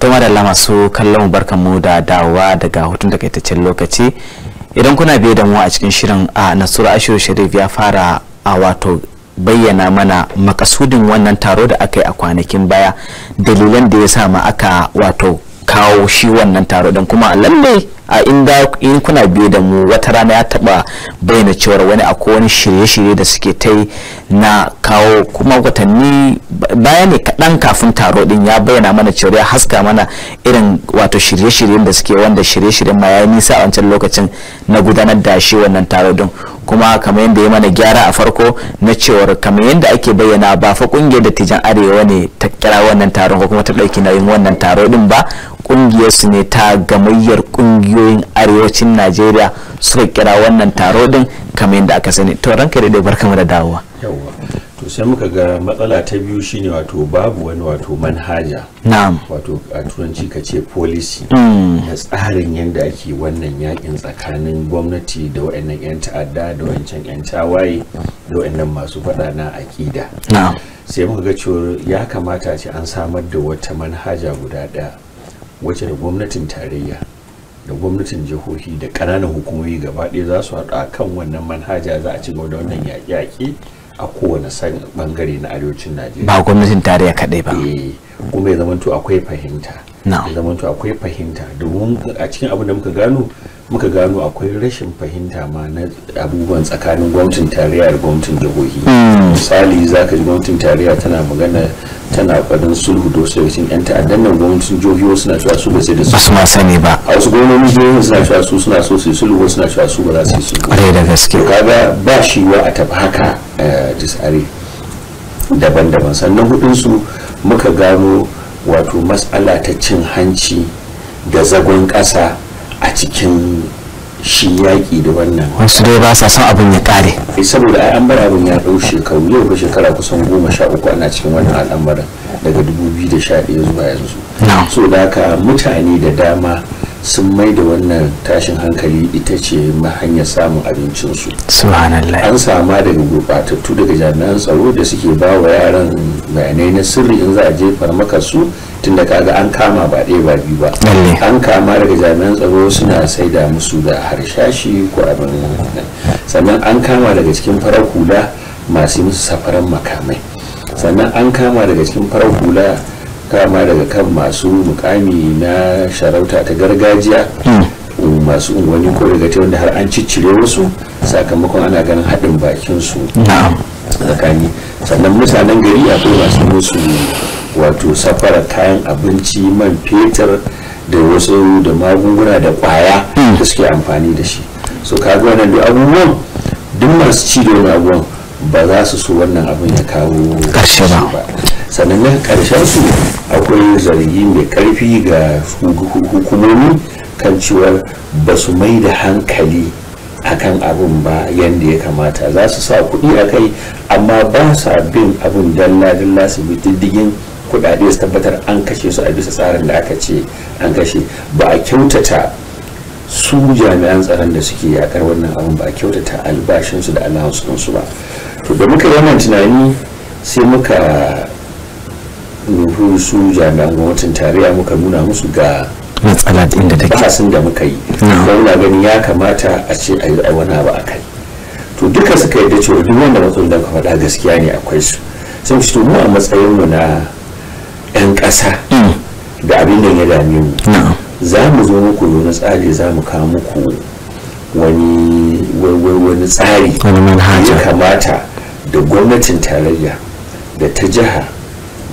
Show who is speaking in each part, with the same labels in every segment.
Speaker 1: da lama su kallon mu barkan mu da dawowa daga hutun takaitaccen lokaci idan kuna biye da mu a cikin shirin a nasura ashiru sharif ya fara a wato bayyana mana makasudin wannan taro da aka yi a kwanakin baya dalilan da ya sa ma aka wato kawo shi wannan taro dan kuma lalle a inda in kuna biye da mu wata rana ya taba bayyana cewar wani akwai wani shirye-shirye da suke ta na kawo kuma watanni bayani kaɗan kafin taro din ya bayyana mana cewar ya haska mana irin wato shirye-shiryen da suke wanda shirye-shiryen ma ya yi nisa a wancan lokacin na gudanar da shi wannan taro din kuma kamar yadda ya mana gyara a farko na cewar kamar yadda ake bayyana ba fa kungiyar da tijan arewa ne ta kira wannan taron ko kuma ta ɗauki nauyin wannan taro din ba kungiyar su ne ta gamayyar kungiyar kungiyoyin arewacin najeriya suka kira wannan taro din kamar yadda aka sani to ranka da barkamu da dawowa
Speaker 2: to sai muka ga matsala ta biyu shine wato babu wani wato manhaja na'am wato a turanci ka ce policy mm. na tsarin yadda ake wannan yakin tsakanin gwamnati da waɗannan 'yan ta'adda da wancan 'yan tawaye da waɗannan masu faɗa na na'am sai muka ga cewa ya kamata ce an samar da wata manhaja guda ɗaya wacce da gwamnatin tarayya da gwamnatin jihohi da ƙananan hukumomi gaba ɗaya za su haɗu a kan wannan manhaja za a ci gaba da wannan yaƙi-yaƙi a kowane san bangare na arewacin najeriya ba gwamnatin tarayya kaɗai ba eh, kuma ya zamanto akwai fahimta ya zamanto akwai fahimta domin a cikin abin da muka gano muka gano akwai rashin fahimta ma na abubuwan tsakanin gwamnatin tarayya da gwamnatin jihohi hmm. misali za ka ji gwamnatin tarayya tana magana tana kwadon sulhu da wasu yawancin yan ta'addan nan gwamnatin jihohi suna cewa su ba sai da su su ma sani ba a wasu gwamnatin jihohi suna cewa su suna so su yi sulhu wasu suna cewa su ba za su yi sulhu kwarai da gaske ga ba shi wa a tafi haka eh, disare daban-daban sannan hudunsu muka gano wato matsala ta cin hanci da zagon ƙasa a cikin shi yaƙi da wannan wasu dai ba sa son abin ya ƙare eh, saboda ai an bar abin ya ɗau shekaru yau ba shekara kusan goma sha uku ana cikin wannan al'amarin daga dubu biyu da sha ɗaya zuwa yanzu so da haka mutane da dama sun mai da wannan tashin hankali ita ce mahanyar samun abincinsu an sama daga gurbatattu daga jami'an tsaro da suke ba wa yaran bayanai na sirri in za a je maka su tunda kaga an kama ba ɗaya ba biyu ba an kama daga jami'an tsaro suna saida musu da harshashi ko abin sannan an kama daga cikin farar hula masu musu safaran makamai sannan an kama daga cikin farar hula kama daga kan masu mukami na sharauta ta gargajiya
Speaker 3: hmm.
Speaker 2: masu unguwanni ko daga wanda har an ciccire wasu sakamakon ana ganin haɗin bakin su tsakani sannan mutanen gari akwai masu musu wato safara kayan abinci man fetur da wasu da magunguna da kwaya hmm. da suke amfani da shi so kaga wannan da abubuwan duk masu ci da wani abubuwan ba za su so wannan abin ya kawo ƙarshe ba sannan na karshen su akwai zargi mai karfi ga hukumomi kan cewar ba su mai da hankali akan abun ba yadda ya kamata za su sa kuɗi a kai amma ba sa bin abin dalla-dalla su bi diddigin kuɗaɗe su tabbatar an kashe su a bisa tsarin da aka ce an kashe ba a kyautata su jami'an tsaron da suke yakar wannan abin ba a kyautata albashinsu da allowance ba to da muka yi wannan tunani sai muka ruhu su jami'an gwamnatin tarayya muka nuna musu ga matsalar inda take bahasin da muka yi muna ganin ya kamata a ce a yi wani abu a kai to duka suka yadda cewa duk wanda matsalar da ka faɗa gaskiya ne akwai su sun fito mu a matsayin mu na 'yan ƙasa da mm. abin da ya dame mu za mu zo muku wani tsari za mu kawo muku wani wani tsari wani manhaja kamata da gwamnatin tarayya da ta jiha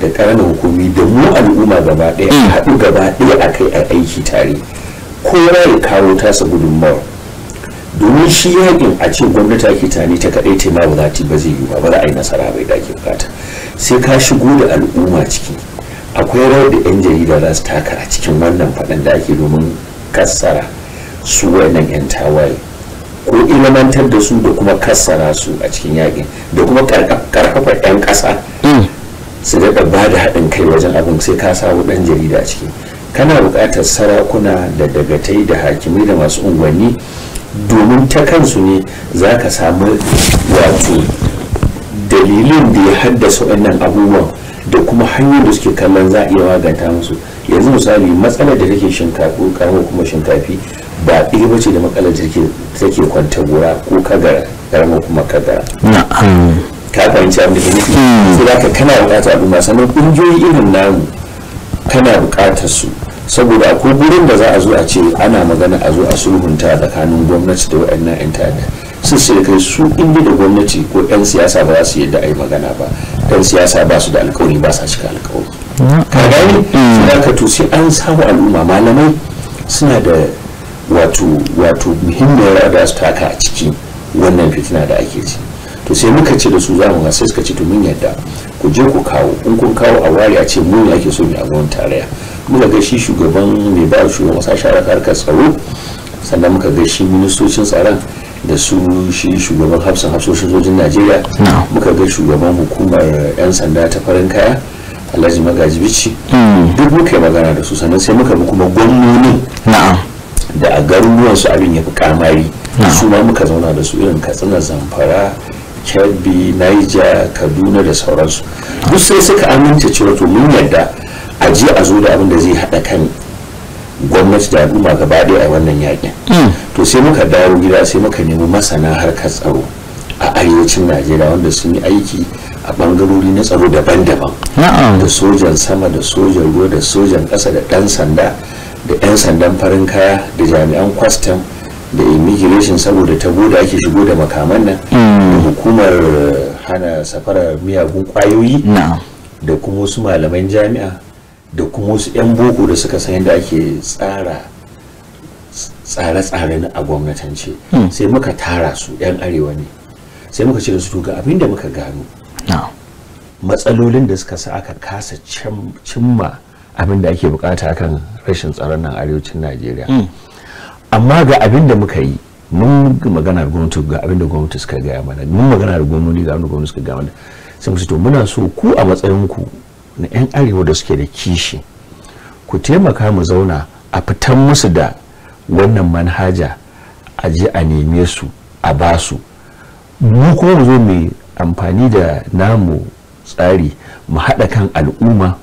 Speaker 2: da ƙananan hukumi da mu al'umma gaba ɗaya mm. haɗu gaba ɗaya a kai a aiki tare kowa ya kawo tasa gudunmawa domin shi yakin a ce gwamnati ake tani ta kaɗai ta ma ba za ta ba zai yi ba za a yi nasara bai da ake bukata sai ka shigo da al'umma ciki akwai rawar da 'yan jarida za su taka a cikin wannan faɗin da ake domin kassara su wannan 'yan tawaye ko ilmantar da su da kuma kassara su a cikin yakin da kuma karfafa 'yan ƙasa mm. su daɗa ba da haɗin kai wajen abin sai ka samu ɗan jarida a ciki kana buƙatar sarakuna da dagatai da hakimai da masu unguwanni domin ta kansu ne za ka samu wato dalilin da ya haddasa wannan abubuwan da kuma hanyar da suke kallon za a iya maganta musu yanzu misali matsalar da take shinkafi ko kuma shinkafi ba ɗaya bace da matsalar da take kwanta gora ko kagara karamar kuma kagara ka fahimci abin da ke nufi hmm. sai da ka kana buƙatar al'umma sannan ƙungiyoyi irin namu kana bukatar su saboda akwai gurin da za a zo a ce ana magana a zo a sulhunta tsakanin gwamnati da waɗannan 'yan ta'adda sun sai kai su in da gwamnati ko 'yan siyasa ba za su yadda a yi magana ba 'yan siyasa ba su da alkawari ba sa cika alkawari hmm. ka gani hmm. suna ka to sai an samu al'umma malamai suna da wato wato muhimmiyar da su taka a ciki wannan fitina da ake ci to sai muka ce da su za mu ga sai suka ce to mun yadda ku je ku kawo in kun kawo a wari a ce mu ne ake so mu a gaban tarayya muka ga shi shugaban mai ba shi wasa shara harkar tsaro sannan muka ga shi ministocin tsaron da su shi shugaban hafsan hafsoshin sojin najeriya muka ga shugaban hukumar yan sanda ta farin kaya alhaji magaji bici hmm. duk muka yi magana da su sannan sai muka bi kuma gwamnonin da a garuruwan su abin ya fi kamari su ma muka zauna da su irin katsina zamfara kebbi niger kaduna da sauransu duk sai suka amince cewa to mun yadda a je a zo da abin da zai hada kan gwamnati da al'umma gaba ɗaya a wannan yakin hmm. to sai muka dawo gida sai muka nemi masana harkar tsaro a arewacin najeriya wanda sun yi aiki a bangarori na tsaro daban-daban da sojan sama da sojan ruwa da sojan ƙasa da ɗan sanda da 'yan sandan farin kaya da jami'an kwastam da immigration saboda ta da ake shigo da makaman nan mm. da hukumar eh, hana safarar miyagun kwayoyi da kuma wasu malaman jami'a da kuma wasu 'yan boko da suka san yadda ake tsara tsare-tsare na a gwamnatance mm. sai muka tara su 'yan arewa ne sai muka ce da su ga abin da muka gano matsalolin da suka sa aka kasa cimma abinda da ake bukata akan rashin tsaron nan arewacin najeriya mm. amma ga abin da muka yi mun magana da gwamnati ga abin da gwamnati suka gaya mana mun magana da gwamnati ga abin da gwamnati suka gaya mana sai mu to muna so ku a matsayin ku na yan arewa da suke da kishi ku taimaka mu zauna a fitan musu da wannan manhaja a je a neme su a ba su mu kuma mu zo mu amfani da namu tsari mu haɗa kan al'umma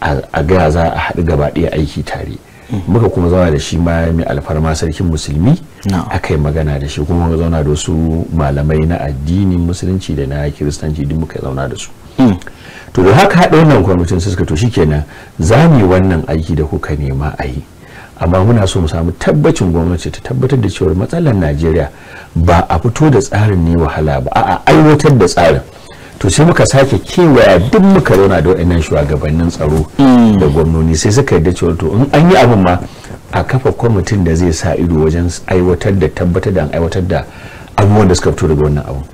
Speaker 2: a gaya za a haɗu gaba ɗaya aiki tare muka kuma zauna da shi ma mai alfarma sarkin musulmi aka yi magana da shi kuma zauna da wasu malamai na addinin musulunci da na kiristanci duk muka zauna da su hmm. to da haka haɗa wannan kwamitin suka to shikenan za mu yi wannan aiki da kuka nema a yi amma muna so mu samu tabbacin gwamnati ta tabbatar da cewar matsalar najeriya ba a fito da tsarin ne wahala ba a aiwatar da tsarin to sai muka sake kewaya duk muka rona da wa'annan shugabannin tsaro da gwamnoni sai suka yi cewa to in an yi abin ma a kafa kwamitin da zai sa ido wajen aiwatar da tabbatar da an aiwatar da abubuwan da suka fito daga wannan abu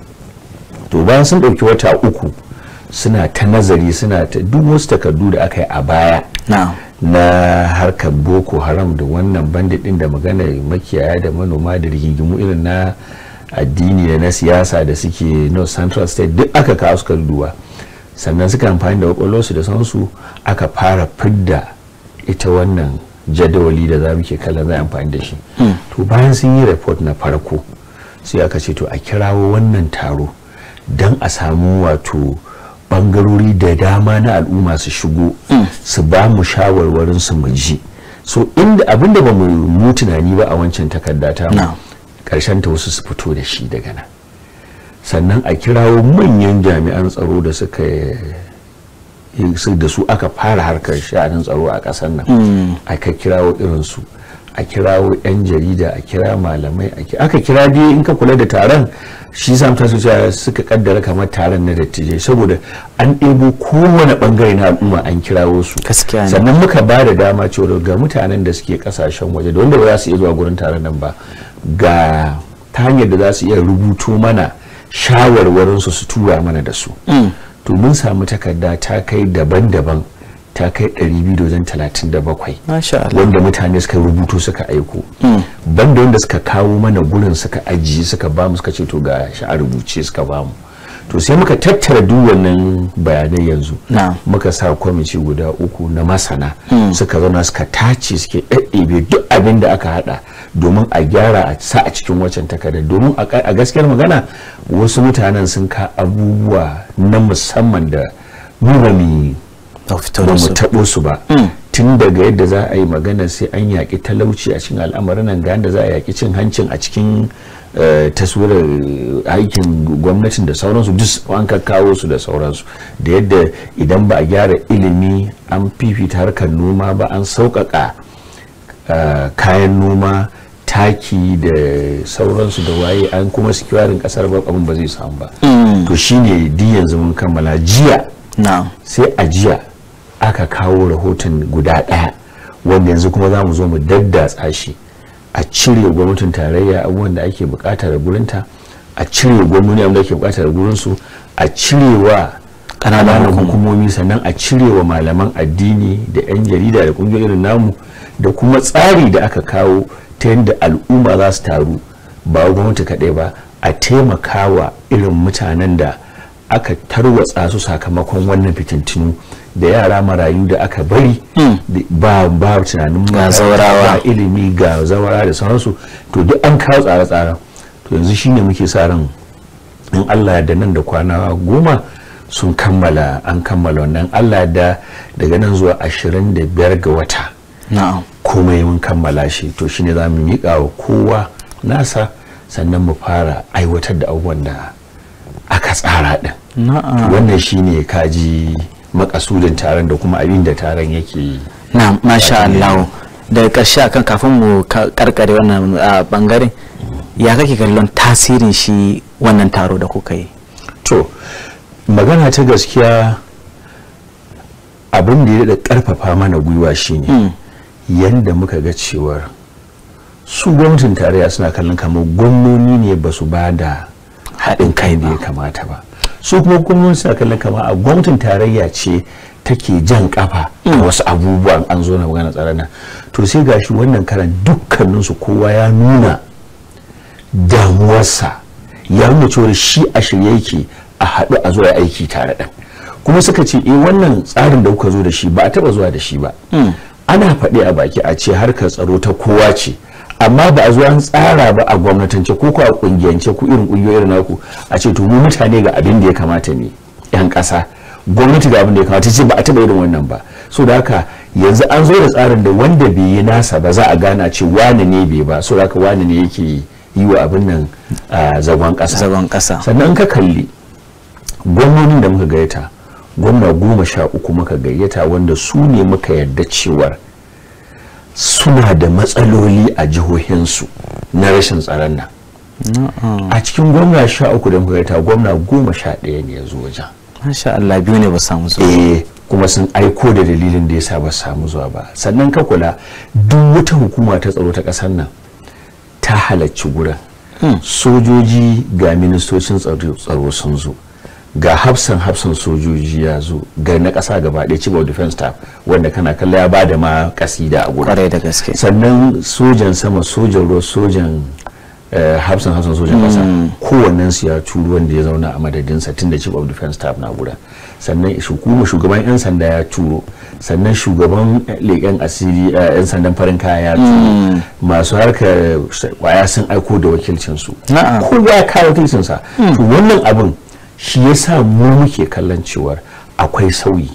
Speaker 2: to bayan sun ɗauki wata uku suna ta nazari suna ta duk wasu takardu da aka yi a baya na harkar boko haram da wannan bandit din da magana makiyaya da manoma da rigigimu irin na addini da na siyasa da suke north central state duk aka kawo suka duba sannan suka amfani da kwakwalwarsu da sansu aka fara fidda ita wannan jadawali da za mu ke kallon zai amfani da shi hmm. to bayan sun yi report na farko sai aka ce to a kirawo wannan taro don a samu wato bangarori da dama na al'umma su shigo hmm. su ba mu shawarwarin su mu ji so inda abinda ba mu tunani ba a wancan takarda ta karshen ta wasu su fito da shi daga nan sannan a kirawo manyan jami'an tsaro da suka da su aka fara harkar sha'anin tsaro a ƙasar nan hmm. aka kirawo irinsu a kirawo 'yan jarida a kira malamai aka kira biyu in ka kula da taron shi samta su suka kaddara kamar taron na dattijai saboda an ɗebo kowane bangare na al'umma an kirawo su sannan muka ba da dama cewa ga mutanen da suke kasashen waje da wanda ba za su iya zuwa gurin taron nan ba ga ta hanyar da za su iya rubuto mana shawarwarinsu su tura mana da su mm. to mun samu takarda ta kai daban-daban ta kai 237 wanda mutane suka rubuto suka aiko hmm. banda wanda suka kawo mana gurin suka ajiye suka bamu suka ce to ga sha'a rubuce suka bamu to sai muka tattara duk wannan bayanai yanzu muka sa kwamiti guda uku na masana hmm. suka zauna suka tace suke ɗaɗɗebe duk abin da aka haɗa domin a gyara a sa a cikin waccan takarda domin a gaskiyar magana wasu mutanen sun ka abubuwa na musamman da ba mu taɓo su ba mm. tun daga yadda za a yi magana sai an yaƙi talauci a cikin al'amarin nan ga yadda za a yaƙi cin hancin a cikin eh, taswirar eh, aikin gwamnatin da sauransu duk an kawo su da sauransu da yadda idan ba a gyara ilimi an fifita harkar noma ba an sauƙaƙa eh, kayan noma taki da sauransu da waye an kuma sikiwarin kasar ba abin ba zai samu ba mm. to shine di yanzu mun kammala jiya sai a jiya aka kawo rahoton guda ɗaya wanda yanzu kuma za mu zo mu daddatsa shi a cire gwamnatin tarayya abubuwan da ake bukata da gurinta a cire gwamnati abin da ake bukata da gurinsu a cirewa ƙananan hukumomi sannan a cirewa malaman addini da 'yan jarida da ƙungiyoyin namu da kuma tsari da aka kawo ta yadda al'umma za su taru ba gwamnati kaɗai ba a taimakawa irin mutanen da aka tarwatsa su sakamakon wannan fitintinu da yara marayu da aka bari hmm. ba ba tunanin ga zawarawa ilimi ga zawara da sauransu to duk an kawo tsare tsare to yanzu shine muke sa ran in Allah da nan da kwana goma sun kammala an kammala wannan Allah da daga nan zuwa 25 ga wata komai mun kammala shi to shine za mu miƙa wa kowa nasa sannan mu fara aiwatar da abubuwan da aka tsara din wannan shine kaji makasudin taron da kuma abin da taron yake yi
Speaker 1: na masha Allah daga ƙarshe akan kafin mu karkare wannan bangaren ya kake kallon tasirin shi wannan taro da kuka yi to
Speaker 2: magana ta gaskiya abin da ya da karfafa mana gwiwa shine hmm. yadda muka ga cewar su gwamnatin tarayya suna kallon kamar gwamnoni ne ba su ba da haɗin kai da ya kamata ba su kuma gwamnati suna kallon kama a gwamnatin tarayya ce take jan kafa a mm. wasu abubuwan an zo na magana tsarana to sai gashi wannan karan dukkaninsu kowa ya nuna damuwarsa ya nuna cewa shi a shirye yake a haɗu a zuwa aiki tare da kuma suka ce eh wannan tsarin da kuka zo da shi ba a taɓa zuwa da shi ba mm. ana faɗi a baki a ce harkar tsaro ta kowa ce amma ba a zo an tsara ba a gwamnatance ko a kungiyance ku irin kungiyoyin naku a ce to mu mutane ga abin da ya kamata ne yan kasa gwamnati ga abin da ya kamata ce ba a taba irin wannan ba so da haka yanzu an zo da tsarin da wanda bai yi nasa ba za a gana ce wani ne bai ba so da haka wani ne yake yi wa abin nan zagon kasa zagon kasa sannan ka kalli gwamnonin da muka gayyata gwamna goma sha uku muka gayyata wanda su ne muka yarda cewar suna da matsaloli a jihohinsu na rashin tsaron nan a cikin gwamna sha uku da muka gwamna goma sha ɗaya ne ya zo wajen masha Allah biyu ne ba samu zuwa eh kuma sun aiko da dalilin da ya sa ba samu zuwa ba sannan ka kula duk wata hukuma ta tsaro ta ƙasar nan ta halarci gurin hmm. sojoji ga ministocin tsaro sun zo ga hafsan hafsan sojoji ya zo ga na kasa gaba ɗaya chief of defense staff wanda kana kalla ya bada ma kasida a gurin da gaske sannan sojan sama sojan ruwa sojan eh, hafsan hafsan sojan ƙasa hmm. kowannen su ya turo wanda ya zauna a madadinsa tun da chief of defense staff na gurin sannan hukumar shugaban yan sanda ya turo sannan shugaban leƙen asiri yan eh, sandan farin kaya ya turo hmm. masu harkar kwaya sun aiko da wakilcinsu kowa ya kawo wakilcinsa hmm. to wannan abin shi ya sa mu muke kallon cewar akwai sauyi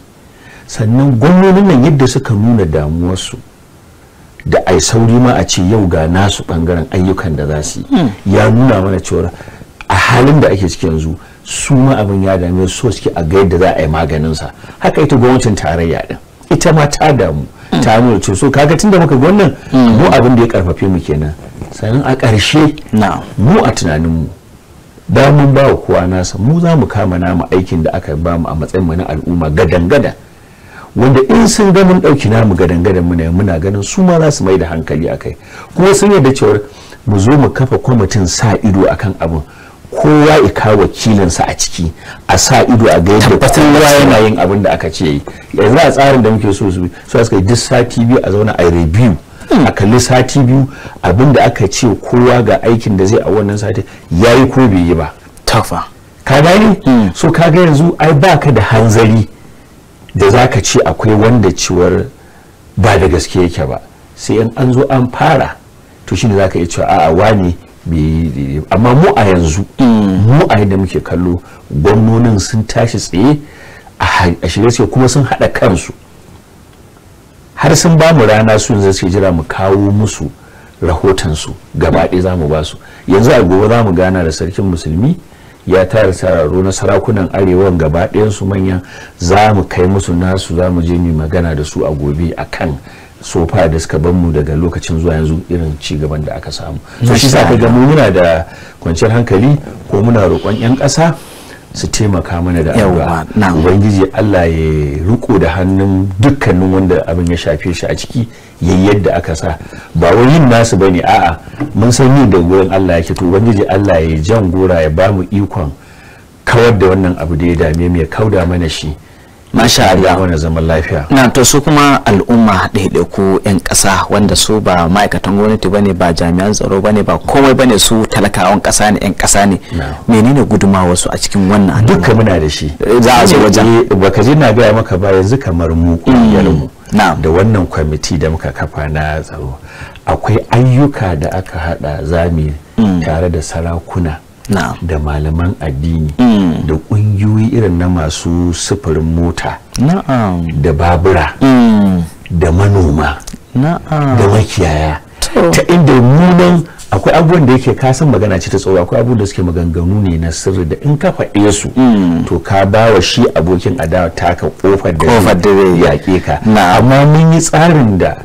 Speaker 2: sannan gwamnonin nan yadda suka nuna damuwarsu da ai sauri ma a ce yau ga nasu bangaren ayyukan da za su yi hmm. ya nuna mana cewar a halin da ake ciki yanzu su ma abin ya dame su suke a ga yadda za a yi maganin sa haka ita gwamnatin tarayya din ita ma ta damu hmm. ta nuna cewa so kaga tunda muka wannan hmm. mu abin da ya karfafe mu kenan sannan a ƙarshe mu a tunanin mu. da mun ba kowa nasa mu za mu kama nama aikin da aka ba mu a matsayin mu na al'umma gadangada wanda in sun ga mun ɗauki namu mu gadangada muna muna ganin su ma za su mai da hankali akai kai kuma sun yarda cewar mu zo mu kafa kwamitin sa ido akan abin kowa ya kawo wakilinsa a ciki a sa ido a ga yadda kowa yana yin abin da aka ce yanzu a tsarin da muke so su suka yi duk sati biyu a zauna a review a kalli sati biyu abinda aka ce kowa ga aikin da zai a wannan sati ya yi ko bai yi ba tafa ka gani hmm. so ka ga yanzu ai baka da hanzari da za ka ce akwai wanda ciwar ba da gaske yake ba sai in an zo an fara to shine za ka iya cewa a'a wani amma mu a yanzu hmm. mu a yadda muke kallo gwamnonin sun tashi tsaye a shirye kuma sun haɗa kansu har sun ba mu rana su yanzu suke jira mu kawo musu rahotansu gaba ɗaya za mu ba su yanzu a gobe za mu gana da sarkin musulmi ya tara tararo na sarakunan arewan gaba ɗayansu manyan za mu kai musu nasu za mu je mu magana da su a gobe a kan sofa da suka ban mu daga lokacin zuwa yanzu irin ci gaban da aka samu so shi sa ka ga muna da kwanciyar hankali ko muna roƙon 'yan ƙasa su taimaka mana da abuwa ubangiji Allah ya riko da hannun dukkanin wanda abin ya shafe shi a ciki ya yadda aka sa ba wai yin nasu ba ne a'a mun san yin da gurin Allah ya to ubangiji Allah ya jan gora ya bamu ikon kawar da wannan abu da ya dame mai kauda mana shi masha Allah wani zaman lafiya na to su kuma al'umma
Speaker 1: ku 'yan ƙasa wanda su ba ma'aikatan gwamnati bane ba jami'an tsaro bane ba komai bane su talakawan ƙasa ne 'yan ƙasa ne menene gudumawa su a cikin wannan duka muna da shi za a zo wajen
Speaker 2: eh, baka ji na gaya maka ba yanzu kamar mu mm, mu da wannan kwamiti da muka kafa na tsaro akwai ayyuka da aka hada zami mm. tare da sarakuna da malaman addini mm. da ƙungiyoyi irin na masu sufurin mota da babura mm. da manoma da makiyaya ta inda munan akwai abubuwan da yake kasan magana ce ta tsoro akwai abubuwan da suke maganganu ne na sirri da in ka faɗe su mm. to ka ba wa shi abokin adawa taka kofar da zai yaƙe ka amma mun yi tsarin da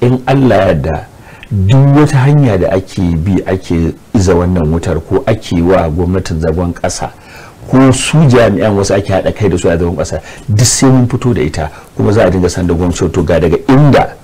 Speaker 2: in Allah ya da duk wata hanya da ake bi ake iza wannan wutar ko ake wa gwamnatin zagon kasa ko su jami'an wasu ake haɗa kai da su a zagon ƙasa duk sai mun fito da ita kuma za a dinga san da gwamnati to ga daga inda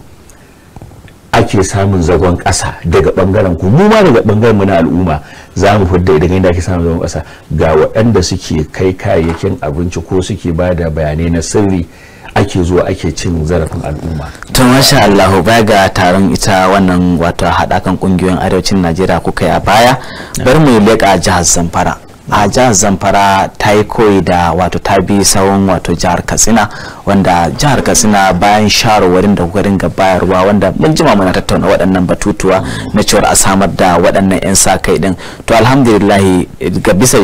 Speaker 2: ake samun zagon ƙasa daga ɓangaren ku mu ma daga ɓangaren mu na al'umma za mu fudda daga inda ake samun zagon ƙasa ga waɗanda suke kai kayayyakin abinci ko suke ba da bayanai na sirri ake zuwa ake cin zarafin al'umma to masha
Speaker 1: Allah baya ga taron ita wannan wato haɗakan ƙungiyoyin arewacin Najeriya kuka yi a baya bar mu leƙa jihar Zamfara a jihar zamfara ta yi koyi da wato ta bi sawon wato jihar katsina wanda jihar katsina bayan shawarwarin da kuka dinga bayarwa wanda mun jima muna tattauna waɗannan batutuwa na cewar a samar da waɗannan 'yan sa kai din to alhamdulillah ga bisa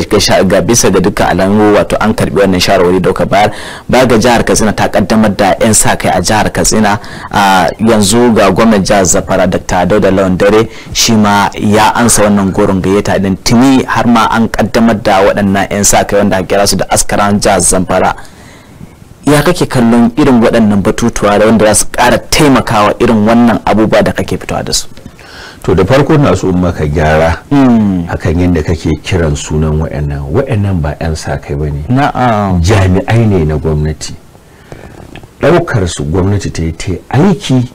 Speaker 1: ga bisa ga dukkan alamu wato an karbi wannan shawarwari da bayar ba ga jihar katsina ta kaddamar da 'yan sa kai a jihar katsina a yanzu ga gwamnan jihar zamfara dr dauda lawan dare shi ma ya ansa wannan goron gayyata din tuni har ma an kaddamar samar da waɗannan 'yan sa kai wanda kira su da askaran jihar zamfara ya kake kallon irin waɗannan batutuwa da wanda za su ƙara taimakawa
Speaker 2: irin wannan abubuwa da kake fitowa da su to da farko na su umma maka gyara hmm. akan yadda kake kiran sunan waɗannan waɗannan ba 'yan sa kai ba ne jami'ai ne na gwamnati ɗaukar su gwamnati ta yi aiki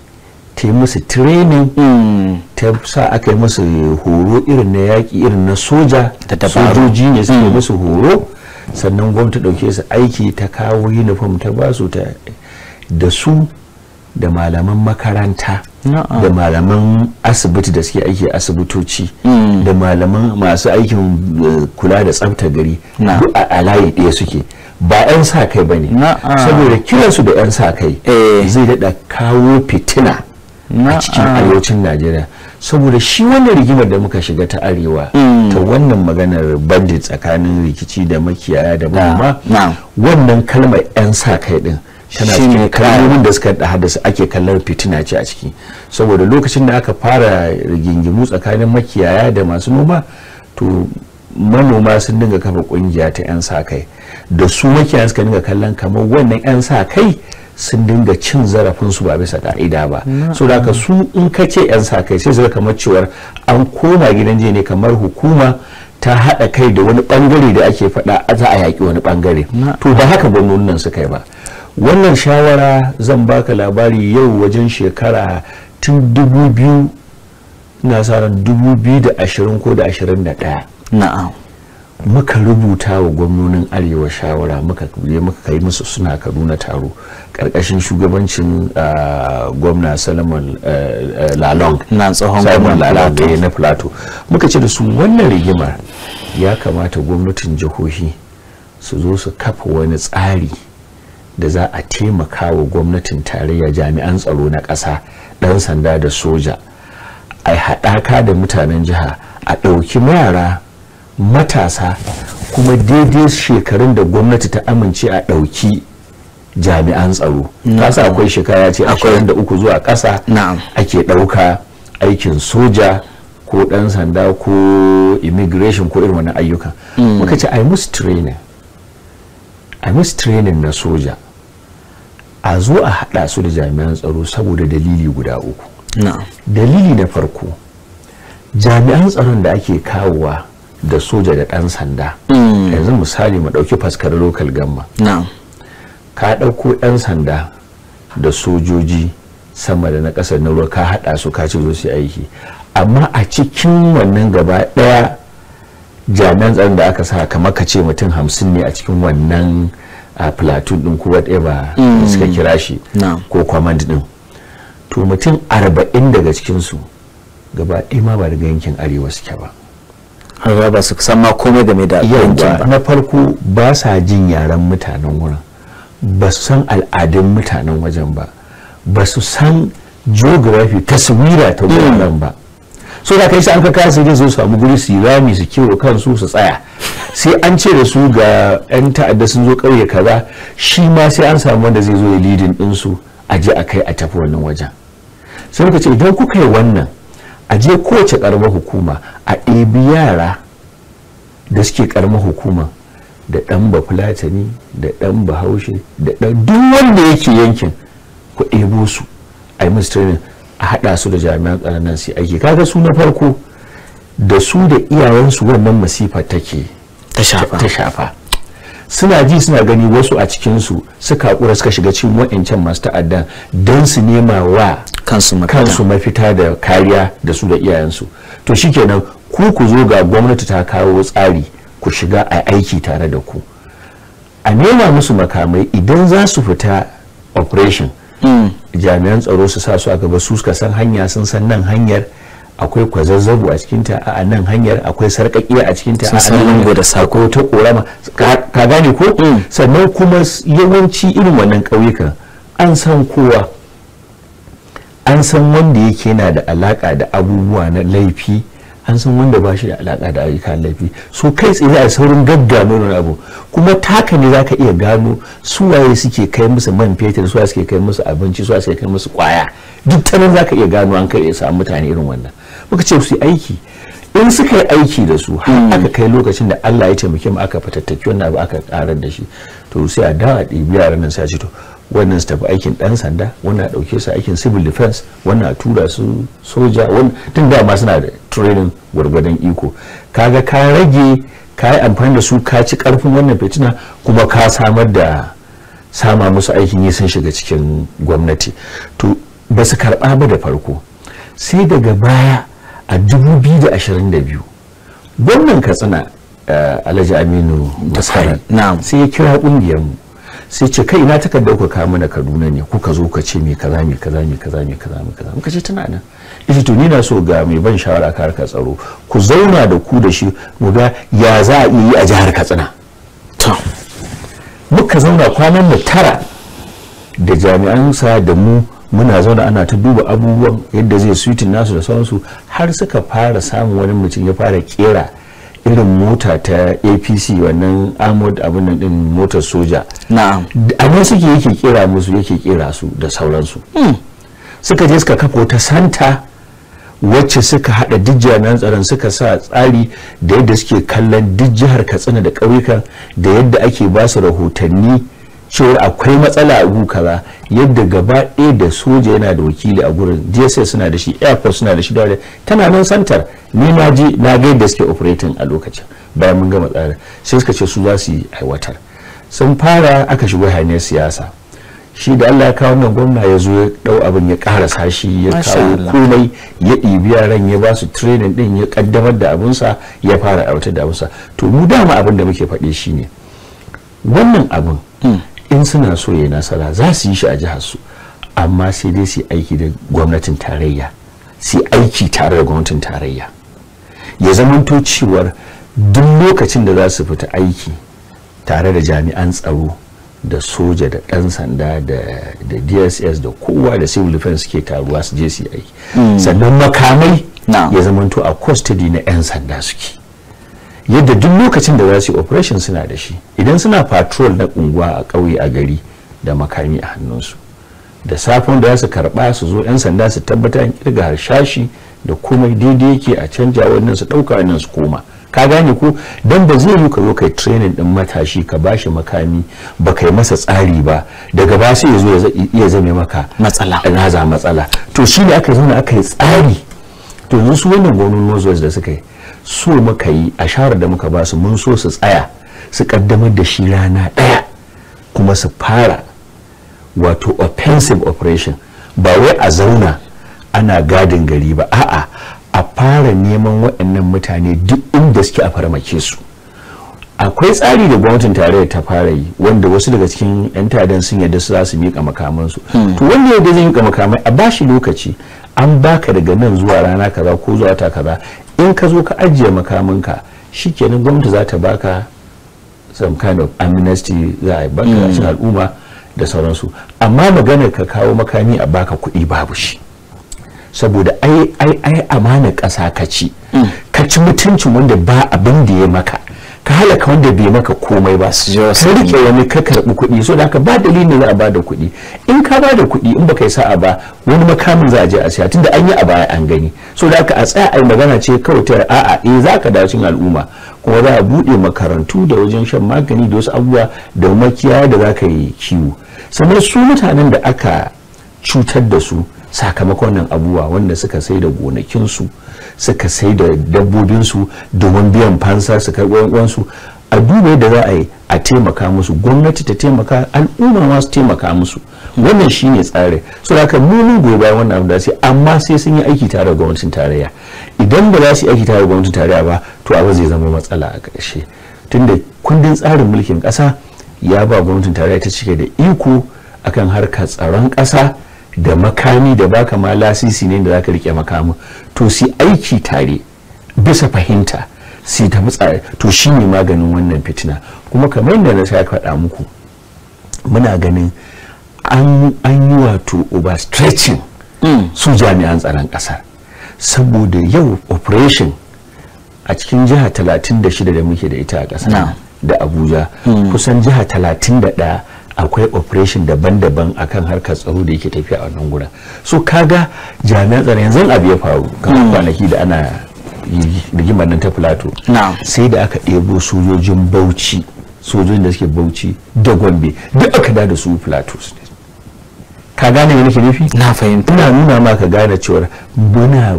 Speaker 2: ta yi musu training mm. ta sa aka yi musu horo irin na yaƙi irin na soja sojoji ne suke mm. musu horo sannan gwamnati ɗauke su aiki ta kawo uniform ta basu ta da su da malaman makaranta da malaman asibiti da suke aiki asibitoci mm. da malaman masu aikin eh, kula da tsafta gari duk a layi ɗaya suke ba 'yan sa kai ba ne saboda kiransu da 'yan sa kai eh. zai daɗa kawo fitina a cikin arewacin najeriya saboda shi wannan rigimar da muka shiga ta arewa mm. ta wannan maganar bandi tsakanin rikici da makiyaya da manoma wannan kalmar 'yan sa kai din tana cikin kalmomin da suka haddasa ake kallon fitina ce a ciki saboda lokacin da aka fara rigingimu tsakanin makiyaya da masu noma to manoma sun dinga kafa kungiya ta 'yan sa kai da su makiyaya suka dinga kallon kamar wannan 'yan sa kai sun dinga cin zarafin su ba bisa ka'ida ba so da ka su in ka ce 'yan sa kai sai zaka kamar cewar an koma gidan je ne kamar hukuma ta haɗa kai da wani ɓangare da ake faɗa za a yaki wani ɓangare to ba haka ba nan su kai ba wannan shawara zan baka labari yau wajen shekara tun dubu biyu na sa ran dubu biyu da ashirin ko da ashirin da ɗaya na'am muka rubuta wa gwamnonin arewa shawara muka kuje muka kai musu suna kaduna taro karkashin shugabancin ah, gwamna solomon eh, eh, lalong na tsohon lalong eh, na plato muka ce da su wannan rigimar ya kamata gwamnatin jihohi su zo su kafa wani tsari da za a taimaka wa gwamnatin tarayya jami'an tsaro na ƙasa ɗan sanda da soja a haɗaka da mutanen jiha a ɗauki yara matasa kuma daidai shekarun da gwamnati ta amince a ɗauki jami'an tsaro kasa akwai shekara ce ashirin da uku zuwa ƙasa ake ɗauka aikin soja ko ɗan sanda ko immigration ko irin wani ayyuka hmm. muka ce i must training i must training na soja a zo a haɗa su da jami'an tsaro saboda dalili guda uku dalili na farko jami'an tsaron da ake kawowa da soja da ɗan sanda mm. yanzu misali mu ɗauki faskar lokal gamma ka ɗauko ɗan sanda da sojoji sama da na ƙasar na ruwa ka haɗa su ka ci zo su aiki amma a cikin wannan gaba ɗaya jami'an tsaron da aka sa kamar ka ce mutum hamsin ne a cikin wannan a platoon ɗin ko whatever suka mm. kira shi ko command ɗin to mutum arba'in daga cikinsu gaba ɗaya ma ba daga yankin arewa suke ba
Speaker 1: har ba su san ma komai game da yankin ba
Speaker 2: na farko ba sa jin yaren mutanen wurin ba su san al'adun mutanen wajen ba ba su san geography taswira ta hmm. wurin ba so da kai sai an ka kasa zai zo samu guri su rami su kiwo kansu su tsaya sai an ce da su ga yan ta'adda sun zo ƙauye kaza shi ma sai an samu wanda zai zo ya lidin dinsu a je a kai a tafi wannan wajen sai muka ce idan kuka yi wannan a je kowace karamar hukuma a ɗebi yara da suke karamar hukuma da ɗan bafulatani da ɗan bahaushe da ɗan duk wanda yake yankin ku ɗebo su a yi musu training a haɗa su da jami'an ƙananan su aiki kaga su na farko da su da iyayensu wannan masifa take ta shafa suna ji suna gani wasu a cikinsu suka kura suka shiga cikin wa'ancan masu ta'addan don su nema wa kansu mafita da kariya da su da iyayensu to shikenan ku ku zo ga gwamnati ta kawo tsari ku shiga a aiki tare da ku a nema musu makamai idan za su fita operation mm. jami'an tsaro su sa su a gaba su suka san hanya sun san nan hanyar akwai kwazazzabu a cikinta a nan hanyar akwai sarƙaƙiya a cikinta a nan da sako ta korama ka gane ko mm. sannan kuma yawanci irin wannan ƙauyukan an san kowa an san wanda yake yana da alaƙa da abubuwa na laifi an san wanda ba shi da alaƙa da ayyukan laifi so kai tsaye a saurin gaggano wani abu kuma taka ne za ka iya gano suwaye suke kai musu man fetur suwaye suke kai musu abinci suwaye suke kai musu kwaya duk ta nan za ka iya gano an kai ya samu mutane irin wannan muka ce su aiki in suka yi aiki da su har hmm. aka kai lokacin da Allah ya taimake mu aka fatattaki wannan abu aka karar da shi to sai a dawo a ɗibi yaran nan sai a ce to wannan su tafi aikin ɗan sanda wannan a ɗauke su aikin civil defense wannan a tura su soja tun ma suna da training gwargwadon iko kaga ka rage ka yi amfani da su ka ci karfin wannan fitina kuma ka samar da sama musu aikin yi sun shiga cikin gwamnati to ba su karɓa ba da farko sai daga baya a 2022 gwamnan katsina eh, alhaji aminu bukhari sai ya kira kungiyar mu sai ce kai na takar ku ka mana kaduna ne kuka zo ka ce me kaza me kaza me kaza me kaza me kaza muka ce tana nan ita to ni so ga mai ban shawara a harkar tsaro ku zauna da ku da shi mu ga ya za a yi a jihar katsina to muka zauna kwanan da tara da jami'an sa da mu muna zauna ana ta duba abubuwan yadda zai suitin nasu da sauransu har suka fara samun wani mutum ya fara kera irin mota ta apc wannan armored abin nan din motar soja na'am amma suke yake kera musu yake kera su da sauransu hmm. suka je suka kafa wata santa wacce suka hada dijjanan tsaron suka sa tsari da yadda suke kallon dijjihar katsina da ƙauyukan da yadda ake ba su rahotanni cewar akwai matsala a gu kaza yadda gaba ɗaya da soja yana da wakili a gurin dss suna da shi airport suna da shi da tana nan santar ni na ji na ga yadda suke operating a lokacin bayan mun gama tsarin sai suka ce su za su yi aiwatar sun fara aka shigo hanyar siyasa shi da Allah ya kawo wannan gwamna ya zo ya dau abin ya karasa shi ya kawo komai ya ɗibi yaran ya ba su training din ya kaddamar da abinsa ya fara aiwatar da abinsa to mu dama abin da muke faɗi shine wannan abin hmm. in suna so ya nasara za su yi shi a jihar su amma sai dai su aiki da gwamnatin tarayya su aiki tare da gwamnatin tarayya ya zamanto cewar duk lokacin da za su fita aiki tare da jami'an tsaro da soja da ɗan sanda da dss da kowa da civil defense suke taruwa su je su yi aiki hmm. sannan makamai ya zamanto a custody na 'yan sanda suke yadda duk lokacin da za su operation suna da shi idan suna patrol na unguwa a kauye a gari da makami a hannunsu da safon da su karba su zo 'yan sanda su tabbata an kirga harshashi da komai daidai yake a canja wannan su ɗauka wannan su koma ka gane ko dan ba zai yi ka zo kai training din matashi ka bashi makami ba kai masa tsari ba daga ba sai ya zo ya zame maka matsala za matsala to shi ne aka zauna aka yi tsari to yanzu su wannan gwamnonin da suka yi so muka yi a shahar da muka ba su mun so su tsaya su kaddamar da shi rana daya kuma su fara wato offensive operation ba wai a zauna ana gadin gari ba a'a a fara neman waɗannan mutane duk inda suke a farmake su akwai tsari da gwamnatin tarayya ta fara yi wanda wasu daga cikin 'yan tadan sun yadda su za su miƙa makamansu hmm. to wanda ya da zai miƙa makamai a bashi lokaci an baka daga nan zuwa rana kaza ko zuwa ta kaza in ka zo ka ajiye makaminka shikenan gwamnati za ta baka some kind of amnesty za a baka mm. al'umma da sauransu amma magana ka kawo makami a baka kuɗi babu shi saboda ai ai ai amana ƙasa ka ci hmm. ka ci mutuncin wanda ba abin da ya maka ka halaka wanda bai maka komai ba su jawo sai rike wani ka karbi kuɗi so da haka ba dalilin za a ba da kuɗi in ka ba da kuɗi in baka yi sa'a ba wani makamin za a je a siya tunda an yi a baya an gani so da haka a tsaya yi magana ce kawai ta a'a eh za ka dace al'umma kuma za a buɗe makarantu da wajen shan magani da wasu abubuwa da makiyaya da za ka yi kiwo sannan su mutanen da aka cutar da su sakamakon nan abubuwa wanda suka sai da gonakinsu suka sai da dabbobinsu domin biyan fansa su karɓi wansu a duba da za a yi a taimaka musu gwamnati ta taimaka al'umma ma taimaka musu wannan shine tsari su da mu mun goyi bayan wannan abu da su amma sai sun yi aiki tare da gwamnatin tarayya idan ba za su yi aiki tare da gwamnatin tarayya ba to abu zai zama matsala a ƙarshe tunda kundin tsarin mulkin ƙasa ya ba gwamnatin tarayya ta cike da iko akan harkar tsaron ƙasa da makami da baka ma lasisi ne da zaka rike makamin to si aiki tare bisa fahimta su tafi tsare to shine maganin wannan fitina kuma kamar yadda na sai faɗa muku muna ganin an yi wato overstretching mm. su jami'an tsaron ƙasa saboda yau operation a cikin jiha 36 da muke da ita a ƙasa da abuja mm. kusan jiha 31 akwai operation daban-daban akan harkar tsaro da yake tafiya a wannan gura so kaga jami'an tsaro yanzu abu ya faru kamar hmm. kwanaki da ana rigimar nan ta plato sai da aka ɗebo sojojin bauchi sojojin da suke bauchi da gombe duk aka da su plateaus ka gane wani ke nufi na fahimta ina nuna ma ka gane cewar muna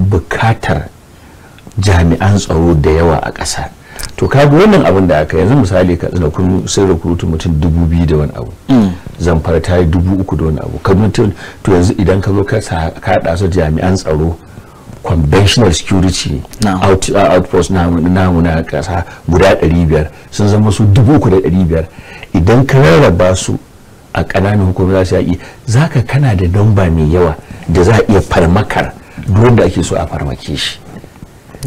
Speaker 2: bukatar jami'an tsaro da yawa a ƙasa to kaga wannan abin da aka yanzu misali ka tsina kun sai rukurutu mutum dubu biyu da wani abu mm. zamfara ta yi dubu uku da wani abu kamar to yanzu idan ka zo ka haɗa su jami'an tsaro conventional security out, outpost uh, outpost namu na kasa guda 500 sun zama su dubu uku da biyar. idan ka rarraba su a ƙananan hukumar zasu yaki. zaka kana da namba mai yawa da za a iya farmakar duk da ake so a farmake shi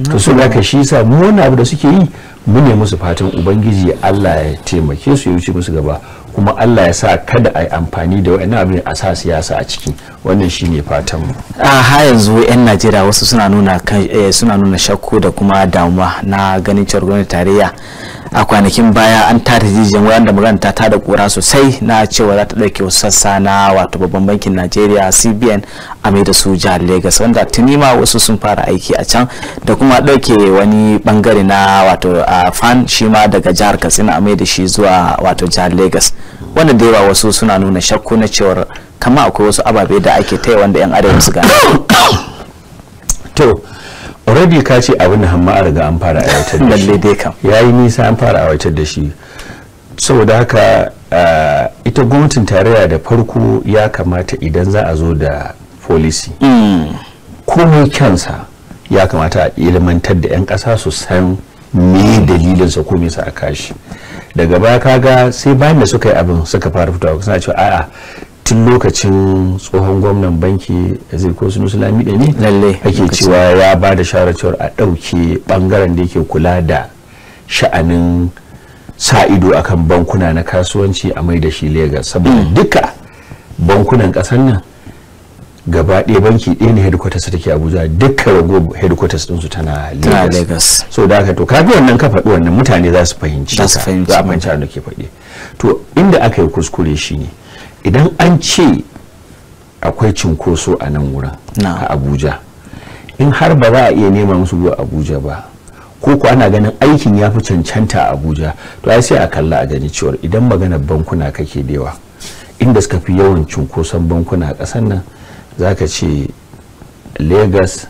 Speaker 2: to so ka shi sa mu wannan abu da suke yi mu ne musu fatan ubangiji Allah ya taimake su ya wuce musu gaba kuma Allah ya sa kada a yi amfani da wa'annan abin a sa siyasa a ciki wannan shine fatan mu a ha yanzu yan Najeriya wasu eh, suna nuna shakku da kuma damuwa
Speaker 1: na ganin cewar gwamnati tarayya a kwanakin baya an tata jijiyar wayan da magana ta tada kura sosai na cewa za ta dauke wasu sassa na wato babban bankin najeriya cbn a mai da su jihar lagos wanda tuni ma wasu sun fara aiki a can da kuma ɗauke wani bangare na wato fan shi ma daga jihar katsina a mai da shi zuwa wato jihar lagos wanda da yawa wasu suna nuna shakku na cewar kama akwai wasu ababe da ake taya wanda yan arewa
Speaker 2: su gane to rabi ka ce abin da hamma a riga an fara aiwatar da shi ya yayi nisa an fara aiwatar da shi saboda haka eh, ita gwamnatin tarayya da farko ya kamata idan za a zo da policy mm. komai kyansa ya kamata a ilimantar da 'yan kasa su san me dalilinsa ko me sa a kashi daga baya kaga sai bayan da suka yi abin suka fara fitowa suna cewa a'a tun lokacin tsohon gwamnan banki zai ko sunu sulami da ne lalle ake cewa ya ba da shawarar a ɗauke ɓangaren da yake kula da sha'anin sa ido akan bankuna na kasuwanci a mai da shi Legas saboda mm. duka bankunan ƙasar nan gaba ɗaya banki ɗaya ne headquarters take abuja duka rago headquarters su tana lagos so da haka to kafi wannan ka faɗi wannan mutane za su fahimci za su fahimci abin ke faɗi to inda aka yi kuskure shi ne idan an ce akwai cinkoso a nan wurin a abuja in har ba za a iya nema musu zuwa abuja ba ko ku ana ganin aikin ya fi cancanta a abuja to ai sai a kalla a gani cewar idan maganar bankuna kake da yawa inda suka fi yawan cunkoson bankuna a ƙasar nan za ka ce lagos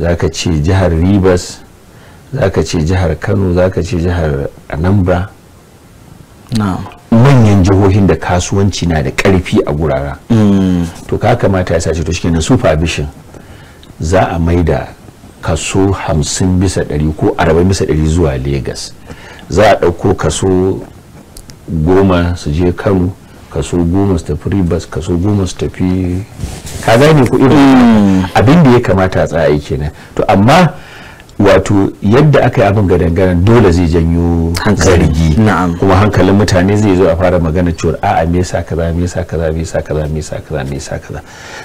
Speaker 2: za ka ce jihar rivers za ka ce jihar kano za ka ce jihar anambra manyan jihohin da kasuwanci na da karfi a gurara mm. to ka kamata ya sace to shi kenan supervision za a maida kaso 50 bisa 100 ko 40 bisa 100 zuwa lagos za a ɗauko kaso goma su je kano kaso goma su tafi ribas kaso goma su tafi ka gane ku irin mm. abin da ya kamata a tsaya kenan to amma wato yadda aka yi abin gadangaren dole zai janyo zargi kuma hankalin mutane zai zo a fara magana a a'a me ka kaza me yasa kaza me yasa kaza me yasa kaza me yasa kaza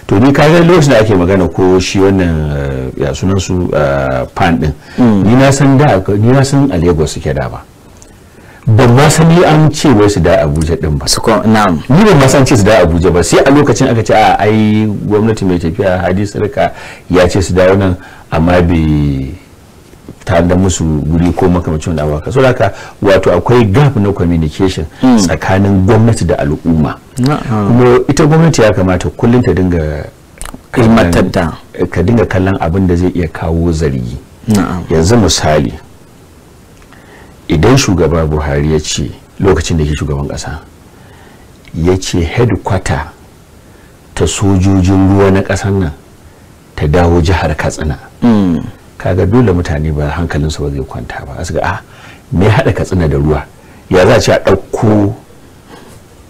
Speaker 2: to ni kaga lokacin da ake magana ko shi wannan eh, ya sunan su pan eh, din mm. ni na san da ni na san a Lagos suke da ba ban ma san ni an ce wai su da Abuja din ba na'am ni ban ma san ce su da Abuja ba sai a lokacin aka ce a ai gwamnati mai tafiya Hadi Sarka ya ce su da wannan amma bai ta da musu guri ko makamacin da baka so haka wato akwai gap na communication hmm. tsakanin gwamnati da al'umma kuma ita gwamnati ya kamata kullum ta dinga ka dinga kallon abin da zai iya kawo zargi yanzu misali idan shugaba buhari ya ce lokacin da ke shugaban kasa ya ce headquarter ta sojojin ruwa na kasar nan ta dawo jihar katsina hmm. kaga dole mutane ba hankalinsu ba zai kwanta ba su a ah, me haɗa katsina da ruwa ya za ce a ɗauko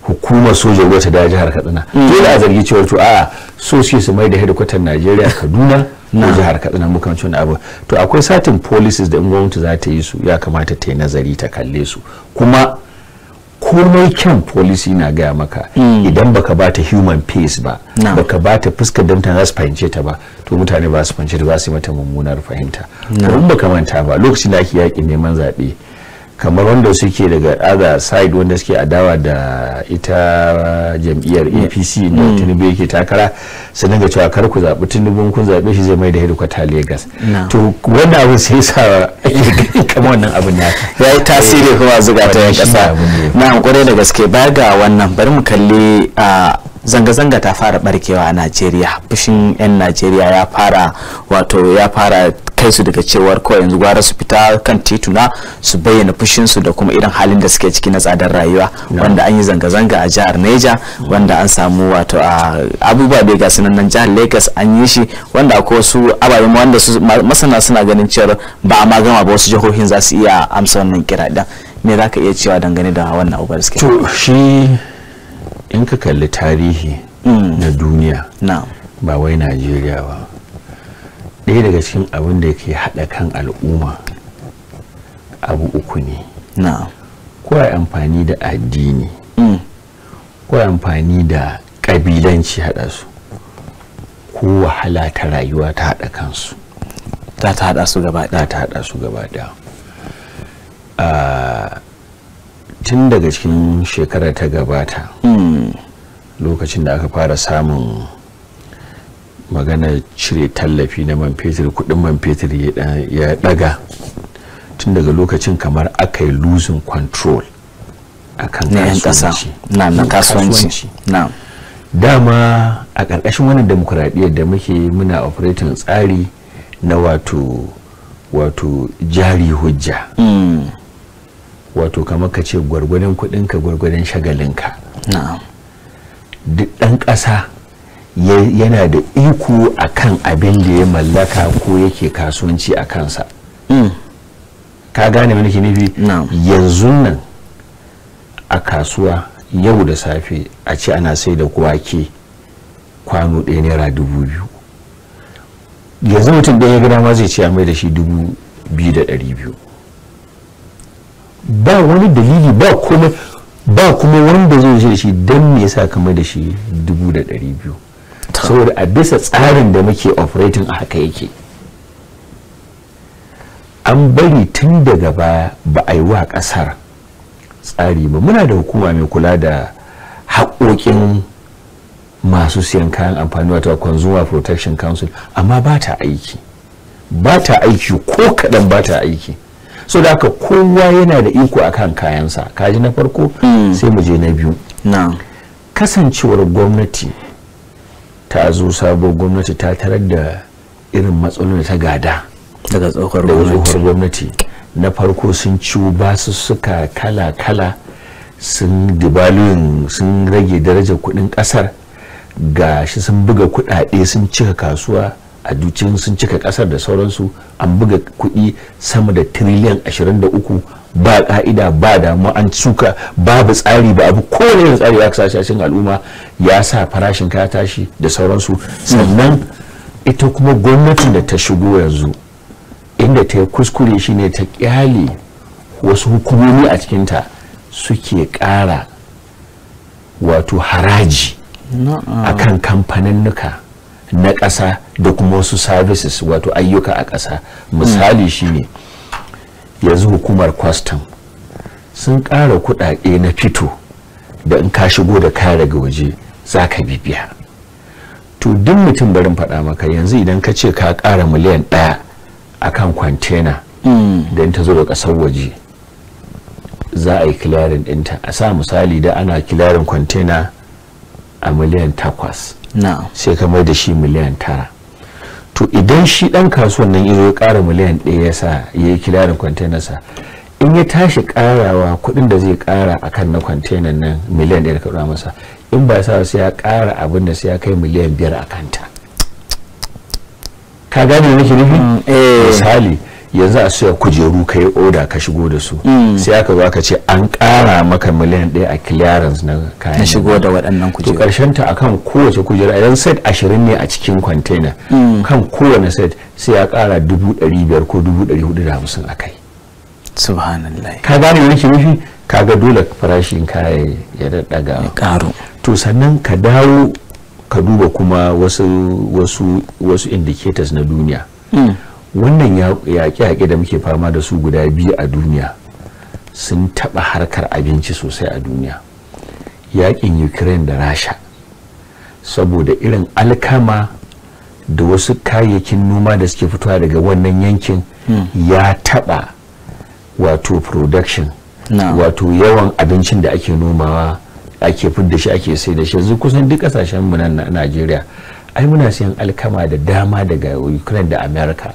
Speaker 2: hukumar sojan ruwa ta da jihar katsina mm. dole a zargi cewar to a ah, so shi su mai da hedikwatar najeriya kaduna ko jihar katsina wancan abu to akwai satin policies da in gwamnati za ta yi su ya kamata ta yi nazari ta kalle su kuma komai kyan policy na gaya maka hmm. idan baka bata human face ba baka bata fuska don za su fahimce ta ba to mutane ba su fahimce ta ba su yi mata mummunar fahimta kuma baka manta ba lokacin da ake yaƙi neman zaɓe kamar wanda suke daga other side wanda suke adawa da ita jam'iyyar apc inda mm. tinubu yake takara su dinga cewa kar ku zaɓi tinubu kun zaɓe shi zai mai da hedikwata lagos to wannan abin sai sa kama wannan abin ya ya yi tasiri kuma zuga ta yan ƙasa na kwarai da gaske
Speaker 1: Ba ga wannan bari mu kalli a zanga-zanga ta fara barkewa a najeriya fushin 'yan najeriya ya fara wato ya fara kai su daga cewar kawai yanzu gwara su fita kan tituna su bayyana fushin su da kuma irin halin da suke ciki na tsadar rayuwa wanda an yi zanga-zanga a jihar Neja wanda an samu wato a abubuwa bai ga sunan nan jihar Lagos an yi shi wanda akwai wasu ababen wanda su masana suna ganin cewar ba a magama ba wasu jihohin za su iya amsa wannan kira din me za ka iya cewa dangane da wannan abubuwa suke to
Speaker 2: shi in ka kalli tarihi mm. na duniya ba wai Najeriya ba ɗaya daga cikin abin da ke haɗa kan al'umma abu uku ne na ko amfani da addini mm. kawai amfani da ƙabilanci haɗa su ko wahala ta rayuwa ta haɗa kansu ta ta haɗa su gaba ɗaya ta haɗa su gaba ɗaya ah, tun daga cikin shekara ta gabata mm. lokacin da aka fara samun magana cire tallafi na man fetur kudin man fetur ya daga tun daga lokacin kamar aka yi losing control a kan kasuwanci dama a ƙarƙashin wani demokuraɗiyyar da muke muna operating tsari na wato wato jari hujja mm. wato kamar ka ce gwargwadon kudinka gwargwadon shagalinka duk ɗan ƙasa yana da iko a kan abin da ya mallaka ko yake kasuwanci a kansa hmm. ka gane wani ke nufi yanzu nan a kasuwa yau da safe a ce ana sai da kwake kwano ɗaya naira dubu biyu yanzu mutum ɗaya gida ma zai ce a mai da shi dubu biyu da ɗari biyu ba wani dalili ba kuma ba kuma wanda zai ce da shi don me yasa ka mai da shi dubu da ɗari biyu saboda a bisa tsarin da muke operating a haka yake an bari tun daga baya ba a yi wa kasar tsari ba muna da hukuma mai kula da haƙoƙin masu siyan kayan amfani wato consumer protection council amma ba ta aiki ba ta aiki ko kaɗan ba ta aiki so da haka kowa yana da iko akan kayansa kaji na farko hmm. sai mu je na biyu kasancewar gwamnati ta zo sabuwar gwamnati ta tarar da irin matsalolin ta gada daga tsohuwar gwamnati na farko sun ciwo basu suka kala-kala sun dibalin sun rage darajar kudin kasar ga shi sun buga kudade sun cika kasuwa a dukiyoyin sun cika kasar da sauransu an buga kuɗi sama da tiriliyan 23 ba ka'ida ba damuwa an suka babu tsari ba abu kowane yin tsari ya kasa al'umma ya sa farashin kaya tashi da sauransu sannan ita kuma gwamnatin da ta shigo yanzu inda ta yi kuskure shi ne ta kyale wasu hukumomi a cikinta suke kara wato haraji akan kamfanin nuka na ƙasa da kuma wasu services wato ayyuka a ƙasa misali mm. shine yanzu hukumar kwastam sun ƙara kuɗaɗe na fito da in ka shigo da kaya daga waje za ka bibiya to duk mutum barin faɗa maka yanzu idan ka ce ka ƙara miliyan ɗaya a kan kwantena mm. da ta zo da ƙasar waje za a yi kilarin ɗinta a sa misali da ana kilarin kwantena a miliyan takwas sai ka mai da shi miliyan tara to idan shi dan kasuwan nan ya kara miliyan ɗaya ya sa ya yi kilarin sa in ya tashi karawa kuɗin da zai kara a kan na kwantenan nan miliyan ɗaya da kaɗa masa in ba sa sai ya kara abin da sai ya kai miliyan biyar a kanta ka gane nake nufi mm, eh. misali yanzu a siya kujeru ka yi oda ka shigo da su mm. sai aka zo aka ce an kara maka miliyan ɗaya a clearance na kayan na shigo da waɗannan kujeru to karshen ta akan kowace a yan set ashirin ne a cikin container mm. kan kowane set sai ya kara dubu biyar ko dubu ɗari hudu da hamsin a kai subhanallah ka gane wani ke nufi kaga dole farashin kaya ya daddaga ya karu. to sannan ka dawo ka duba kuma wasu wasu wasu indicators na duniya mm. wannan yaƙe-yaƙe da muke fama da su guda biyu a duniya sun taɓa harkar abinci sosai a duniya yaƙin ukraine da rasha saboda irin alkama da wasu kayayyakin noma da suke fitowa daga wannan yankin hmm. ya taɓa wato production wato yawan abincin da ake nomawa ake fidda shi ake sai da shi yanzu kusan duk kasashen mu na najeriya ai muna siyan alkama da dama daga ukraine da america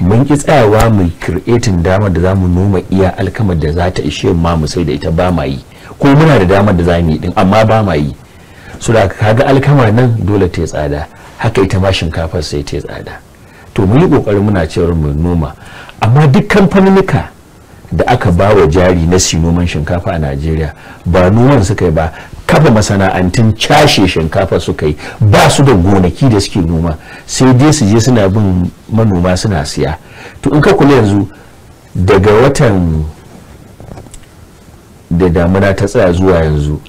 Speaker 2: mun ki tsayawa mu kiretin dama da za mu noma iya alkama da za ta ishe ma mu sai da ita ba ma yi ko muna da dama da za mu yi din amma ba ma yi so da kaga alkama nan dole ta tsada haka ita ma shinkafar sai ta tsada to mu yi kokarin muna cewa mu noma amma duk ka. da aka ba wa jari na sinoman shinkafa a najeriya ba noman suka yi ba kafa masana'antun cashe shinkafa suka yi ba su da gonaki da suke noma sai dai su je suna bin manoma suna siya to in ka kula yanzu daga watan da damuna ta tsaya zuwa yanzu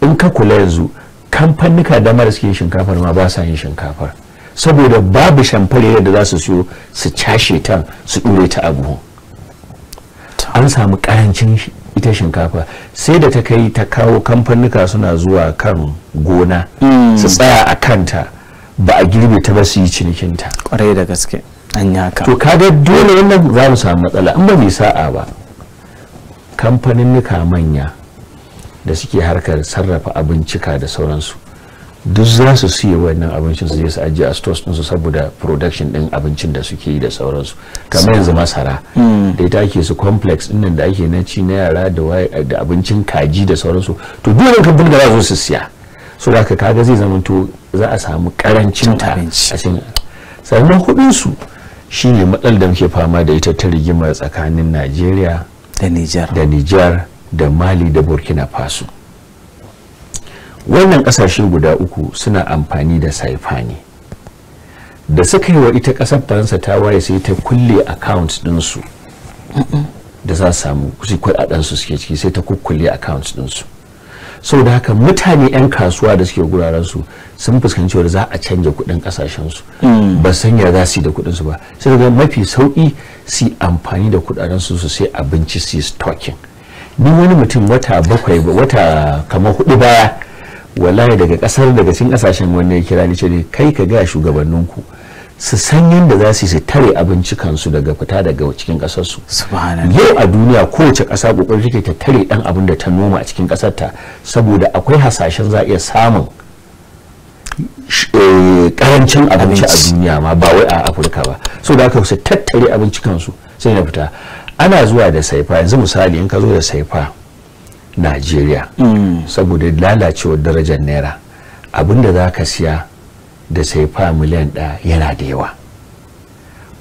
Speaker 2: in ka kula yanzu kamfanika da mara suke shinkafar ma ba sa yin shinkafar saboda babu shamfare da za su siyo su cashe tan su ɗure ta a buhu an samu kayancin ita shinkafa sai da ta kai ta kawo kamfanuka suna zuwa kan gona
Speaker 3: hmm.
Speaker 4: su
Speaker 2: tsaya a kanta ba a girbe ta ba su yi cinikinta kwarai da gaske an yaka to kaga dole wannan za mu samu matsala in ba mai sa'a ba kamfanin nuka manya da suke harkar sarrafa abincika da sauransu duk za su siya wannan abincin su je su ajiye a stores su saboda production din abincin da suke yi da sauransu kamar yanzu masara hmm. da ita ake su complex din da ake na ci na yara da abincin kaji da sauransu to dole kamfanin da za su siya so da kaga zai zama to za a samu karancin ta sannan kuɗin su shine matsalar da muke fama da ita ta rigimar tsakanin Najeriya da Nijar da Nijar da Mali da Burkina Faso wannan kasashe guda uku suna amfani da saifani da suka yi wa ita kasar faransa ta waye sai ta kulle din ɗinsu da za su samu kusi kuɗaɗensu suke ciki sai ta kukkulle din ɗinsu sau da haka mutane 'yan kasuwa da suke guraren su sun fuskanci wanda za a canja kuɗin kasashen su mm. ba san ya za su yi da kuɗin su ba sai ga mafi sauki su yi amfani da kudaren su su sai abinci su stocking ni wani mutum wata bakwai wata kamar hudu baya wallahi daga kasar daga cikin kasashen wanda ya kira ni ce kai ka ga shugabanninku su san yadda za su yi tare abinci kansu daga fita daga cikin kasarsu yau a duniya kowace ƙasa ƙoƙarin take ta tare ɗan abin da ta noma a cikin ta saboda akwai hasashen za a iya samun eh, karancin abinci a duniya ma ba wai a afirka ba so da aka su tattare abinci kansu sai na fita ana zuwa da saifa yanzu misali in ka zo da saifa najeriya saboda lalacewar darajar naira abinda za ka siya da sai fa miliyan ɗaya yana da yawa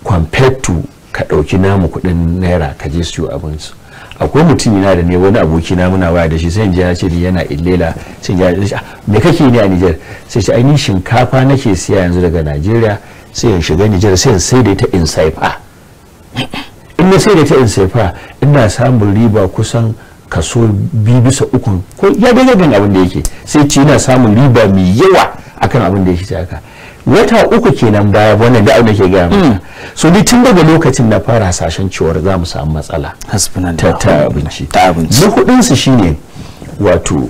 Speaker 2: compared to ka ɗauki namu kuɗin naira ka je siyo abinsu akwai mutum yana da ne wani aboki na muna waya da shi sai ya ce yana illela sai ya ce ah, me kake ne a Niger sai ce ainihin shinkafa nake siya yanzu daga Najeriya sai in shiga Niger sai in sai da ta in saifa in na sai da ta in saifa ina samun riba kusan kaso biyu bisa uku ko ya dai da abin da yake sai ce yana samun riba mai yawa akan abin da yake haka wata uku kenan baya wannan da abin da ke gaya hmm. so ni tun daga lokacin na fara hasashen cewar za mu samu matsala ta abinci ta abinci na kudin su shine wato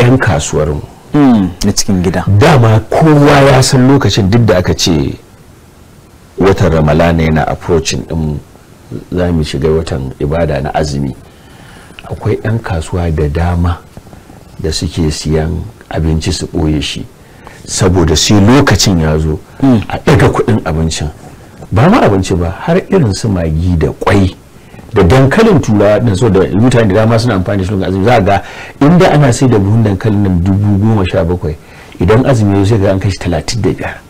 Speaker 2: yan kasuwar mu hmm, na cikin gida dama kowa ya san lokacin duk da aka ce watan ramalana yana approaching din za mu shiga watan ibada na azumi akwai 'yan kasuwa da dama da suke siyan abinci su ɓoye shi saboda sai lokacin ya zo mm. a ɗaga kuɗin abincin ba ma abinci ba har irin su magi da kwai da dankalin turawa din so da mutane da dama suna amfani da shi azumi za ga inda ana sai da buhun dankalin nan dubu goma sha bakwai idan azumi ya sai ga an kashi talatin da biyar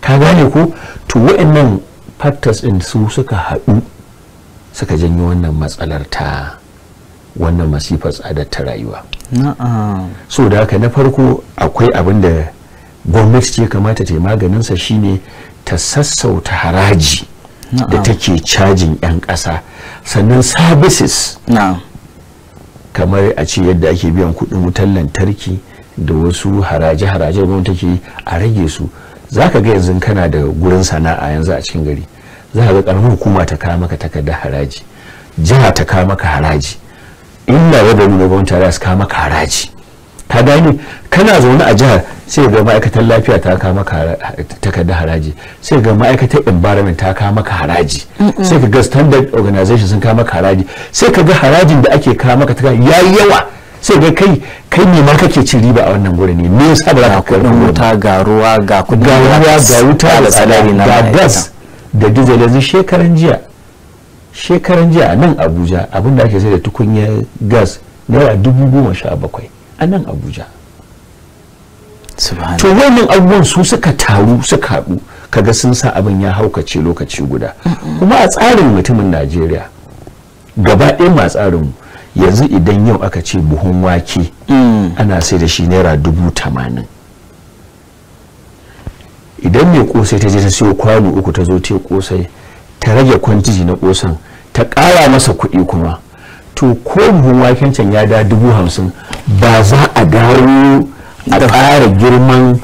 Speaker 2: ka gane ko to wa'annan factors in su suka haɗu suka janyo wannan matsalar ta wannan masifar tsadar ta rayuwa so da haka na farko akwai abin da gwamnati ya kamata ta yi sa shine ta sassauta haraji da take cajin 'yan ƙasa sannan services kamar a ce yadda ake biyan kuɗin wutar lantarki da wasu haraje-haraje gwamnati take a rage su za ka ga yanzu kana da gurin sana'a yanzu a cikin gari za ka ga karamin hukuma ta kawo maka takardar haraji jiha ta kawo maka haraji illa wadda na gwamnati za su kawo maka haraji ka gane kana zaune a jihar sai ga ma'aikatar lafiya ta kawo maka takardar haraji sai ga ma'aikatar environment ta kawo maka haraji sai ka ga standard organization sun kawo maka haraji sai ka ga harajin da ake kawo maka ya yayi yawa sai ga kai kai ne ma kake cin riba a wannan gurin ne me yasa ba za ka kudin wuta ga ruwa ga kudin ruwa ga wuta da tsadari na ga gas da diesel yanzu shekaran jiya shekaran jiya a nan abuja da ake sai da tukunyar gas naira dubu goma sha bakwai a nan abuja to wannan abubuwan su suka taru suka haɗu kaga sun sa abin ya haukace lokaci guda kuma a tsarin mutumin najeriya gaba ɗaya ma tsarin mu yanzu idan yau aka ce buhun wake ana sai da shi naira dubu tamanin idan mai kosai ta je ta siyo kwano uku ta zo ta kosai ta rage kwantiji na kosan ta ƙara masa kuɗi kuma to ko buhun waken can ya da dubu hamsin ba za a dawo a ƙara girman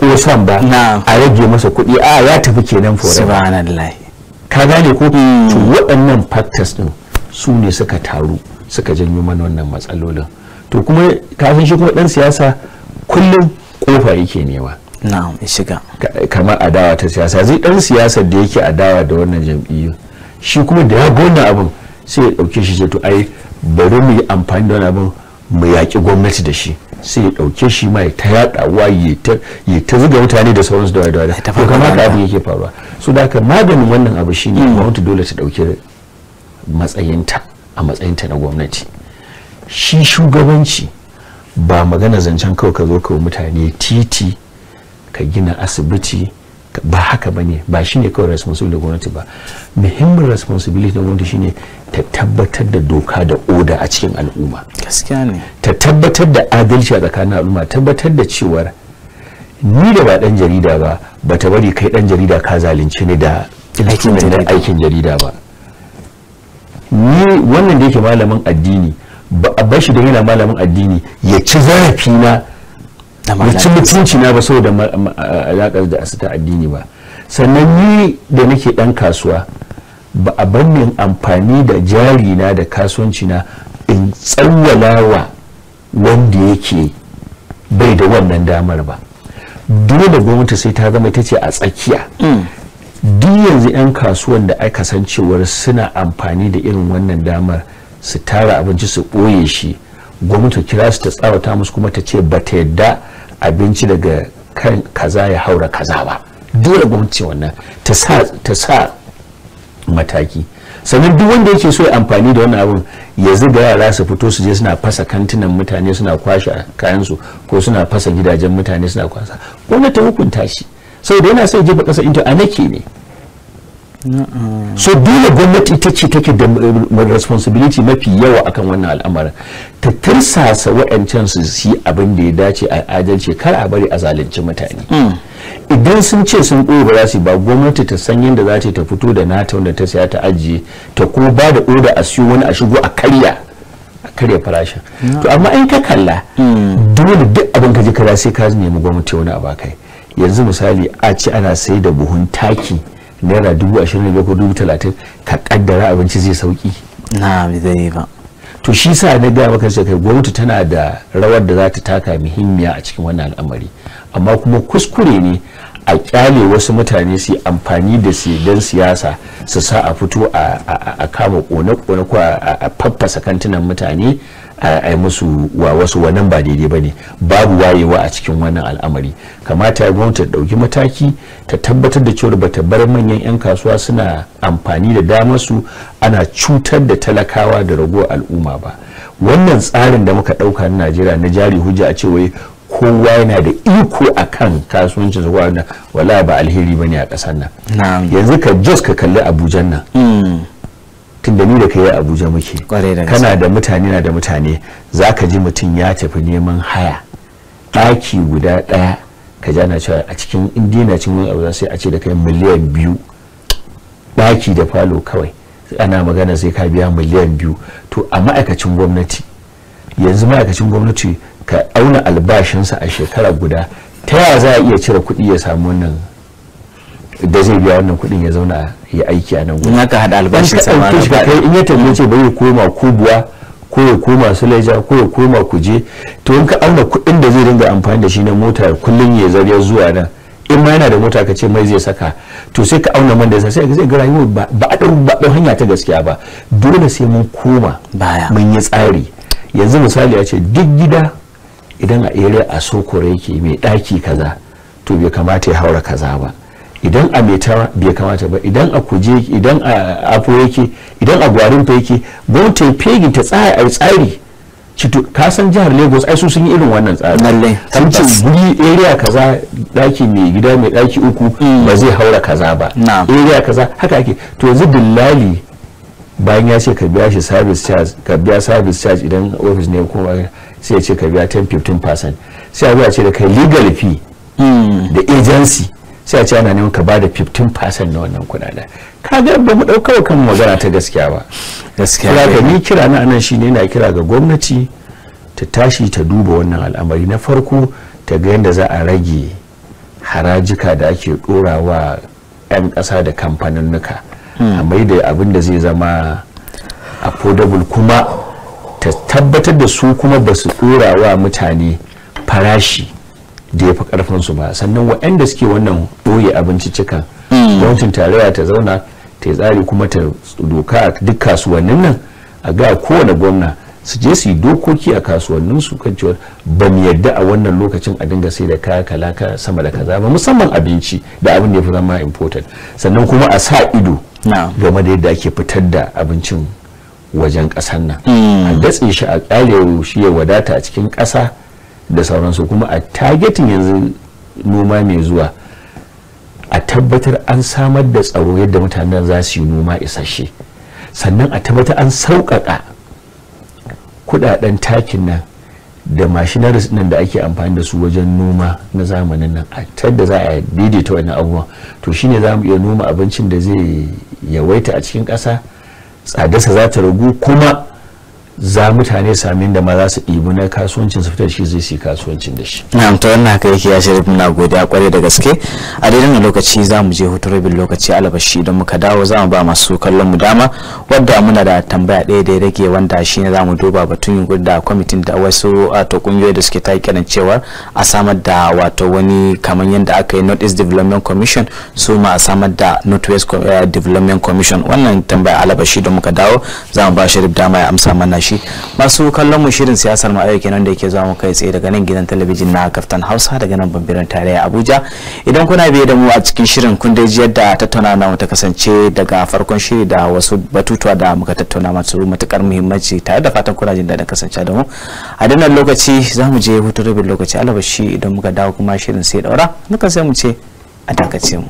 Speaker 2: kosan ba a rage masa kuɗi a ya tafi kenan forever ka gane ko hmm. to waɗannan factors din su ne suka taru suka janyo mana wannan matsalolin to kuma kafin shi kuma dan siyasa kullum kofa yake nema na'am shiga kamar adawa ta siyasa zai dan siyasa da yake adawa da wannan jam'iyyu shi kuma da ya gona abin sai ya dauke shi to ai bari mu yi amfani da wannan abin mu yaki gwamnati da shi sai ya dauke shi ma ya ta ya ta zuga mutane da sauransu da wadawa to kamar ka abin yake faruwa so da haka maganin wannan abu shine hmm. gwamnati dole ta ɗauki matsayinta a matsayin ta na gwamnati shi shugabanci ba magana zancen kawai ka zo ka mutane titi ka gina asibiti ba haka ba ne ba shine kawai responsibility gwamnati ba muhimmin responsibility da gwamnati shine ta tabbatar da doka da oda a cikin al'umma gaskiya ne ta tabbatar da adalci a tsakanin al'umma tabbatar da cewar ni da ba dan jarida ba ba ta bari kai dan jarida ka zalunce ni da aikin jarida ba ni wannan da yake malamin addini ba a bashi da yana malamin addini ya ci zarafi na ya ci mutunci na ba saboda alakar da asita addini ba sannan ni da nake ɗan kasuwa ba a banin amfani da jari na da kasuwanci na in tsawwala wa wanda yake bai da wannan damar ba dole gwamnati sai ta zama ita ce a tsakiya mm. duk yanzu 'yan kasuwan da aka san cewar suna amfani da irin wannan damar su tara abinci su ɓoye shi gwamnati kira su ta tsawata musu kuma ta ce ba ta yadda abinci daga kan kaza ya haura kaza ba dole gwamnati wannan ta sa mataki sannan duk wanda yake so ya amfani da wannan abin ya zuga yara su fito su je suna fasa kantinan mutane suna kwashe kayansu ko suna fasa gidajen mutane suna kwasa gwamnati ta hukunta shi da yana sai jefa ƙasa into anarchy ne so dole gwamnati ita ce take da responsibility mafi yawa akan wannan al'amarin ta tursasa wa'ancan su yi abin da ya dace a adalci kar a bari a zalunci mutane idan sun ce sun ɓoye ba za su ba gwamnati ta san yadda za ta fito da nata wanda ta siya ta ajiye ta kuma ba da oda a siyo wani a shigo a karya a karya farashin to amma in ka kalla hmm. dole duk abin ka je kara sai ka nemi gwamnati wani a bakai yanzu misali a ce ana sai da buhun taki naira dubu ashirin da ko dubu talatin ka kaddara abinci zai sauki na zai ba to shi sa na gaya maka kai gwamnati tana da rawar da za ta taka muhimmiya a cikin wannan al'amari amma kuma kuskure ne a kyale wasu mutane su amfani da su don siyasa su sa a fito a kama kone-kone ko a faffasa kantunan mutane a musu wa wasu wannan ba daidai ba ne babu wayewa a cikin wannan al'amari kamata ya gwamnati ta ɗauki mataki ta tabbatar da cewar bata bar manyan 'yan kasuwa suna amfani da damar su ana cutar da talakawa da ragowar al'umma ba wannan tsarin da muka ɗauka na najeriya na jari hujja a cewa kowa yana da iko a kan kasuwancin su wala ba alheri ba ne a ƙasar nan yanzu ka jos ka kalli abujan nan mm. tun da ni da kai abuja muke kana da mutane na da mutane za ka ji mutum ya tafi neman haya ɗaki guda ɗaya ka jana cewa a cikin indiya na cin wani abu sai a ce da kai miliyan biyu ɗaki da falo kawai ana magana sai ka biya miliyan biyu to a ma'aikacin gwamnati yanzu ma'aikacin gwamnati ka auna albashinsa a shekara guda ta yaya za a iya cire kuɗi ya samu wannan da zai biya wannan kuɗin ya zauna ya aiki a nan gudu. In haɗa albashin sama na in ya tambaye bai ya koma kubuwa ko ya koma su ko ya koma kuje to in ka auna kuɗin da zai dinga amfani da shi na mota kullum ya zarya zuwa nan in ma yana da mota ka ce mai zai saka to sai ka auna man da sai ka ga rayuwa ba a ɗau ba ɗau hanya ta gaskiya ba dole sai mun koma baya mun yi tsari yanzu misali ya ce duk gida idan a area a sokore yake mai ɗaki kaza to bai kamata ya haura kaza ba idan a metawa bai kamata ba idan a kuje idan a afo yake idan a gwarin ta yake gwamnati ya ta tsaya a tsari cito ka san jihar lagos ai su sun yi irin wannan tsari lalle sun ce guri
Speaker 4: area kaza
Speaker 2: daki mai gida mai daki uku mm. ba zai haura kaza ba area kaza haka ake to yanzu dillali bayan ya ce ka biya shi service charge ka biya service charge idan office ne ko sai ya ce ka biya 10 15% sai a zuwa ce da kai legal fee mm. da agency sai a ce ana neman ka bada 15% na wannan ka ga ba mu ɗauka kan magana ta gaskiya ba gaskiya ba ga ni kira na anan shine na kira ga gwamnati ta tashi ta duba wannan al'amari na farko ta ga yadda za a rage harajika da ake ɗora wa 'yan ƙasa da kamfaninnuka hmm. a mai da abin da zai zama affordable kuma ta tabbatar da su kuma ba su ɗora wa mutane farashi da ya fi karfin su ba sannan waɗanda suke wannan ɗoye abinci cika
Speaker 3: gwamnatin
Speaker 2: tarayya ta zauna ta tsari kuma ta doka duk kasuwannin nan a ga kowane gwamna su je su yi dokoki a kasuwannin su kan cewa ba mu yadda a wannan lokacin a dinga sai da kaya ka sama da kaza ba musamman abinci da abin da ya fi zama important sannan kuma a sa ido game da yadda ake fitar da abincin wajen ƙasar nan a hmm. datse shi a ƙarewa shi ya wadata a cikin ƙasa da sauransu kuma a targetin yanzu noma mai zuwa a tabbatar an samar da tsaro yadda mutanen za su yi noma isasshe sannan a tabbatar an sauƙaƙa kudaden takin nan da mashinaris nan da ake amfani da su wajen noma na zamanin nan a tadda za a daidaita wannan abubuwan to shine za mu iya noma abincin da zai yawaita a cikin ƙasa tsadarsa za ta ragu kuma za mutane sami da ma za su ɗibi na kasuwancin su fitar shi zai su kasuwancin da shi
Speaker 1: na'am ta wannan haka yake ya shirif muna godiya kwarai da gaske a daidai na lokaci za mu je hutu rabin lokaci alabashi don muka dawo za mu ba masu kallon mu dama wadda muna da tambaya ɗaya da ya rage wanda shi ne za mu duba batun yunkuri da kwamitin da wasu wato kungiyoyi da suke taƙi kiran cewa a samar da wato wani kamar yadda aka yi north east development commission su ma a samar da north west eh, development commission wannan tambaya alabashi da muka dawo za mu ba shirif dama ya amsa mana shi shi masu kallon mu shirin siyasar mu aiki nan da yake zuwa kai tsaye daga nan gidan talabijin na kaftan hausa daga nan bambiran tarayya abuja idan kuna biye da mu a cikin shirin kun dai da tattauna na ta kasance daga farkon shiri da wasu batutuwa da muka tattauna masu matukar muhimmanci tare da fatan kuna jin daɗin kasance da mu a dinnan lokaci za mu je hutu rubin lokaci alabashi idan muka dawo kuma shirin sai daura muka sai mu ce a dakace mu.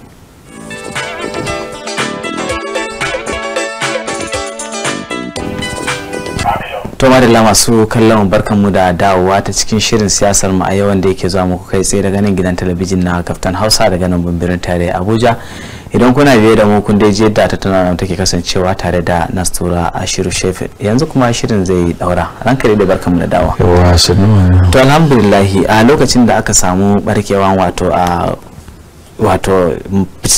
Speaker 1: to madalla masu kallon mu da dawowa ta cikin shirin siyasar mu a yawan da yake zuwa muku kai tsaye daga nan gidan talabijin na kaftan hausa daga nan bambirin tare abuja idan kuna biye da mu kun dai je da tattauna take kasancewa tare da nastura a shefe yanzu kuma shirin zai daura ranka da barkanmu da
Speaker 3: dawowa
Speaker 1: to alhamdulillah a lokacin da aka samu barkewan wato a wato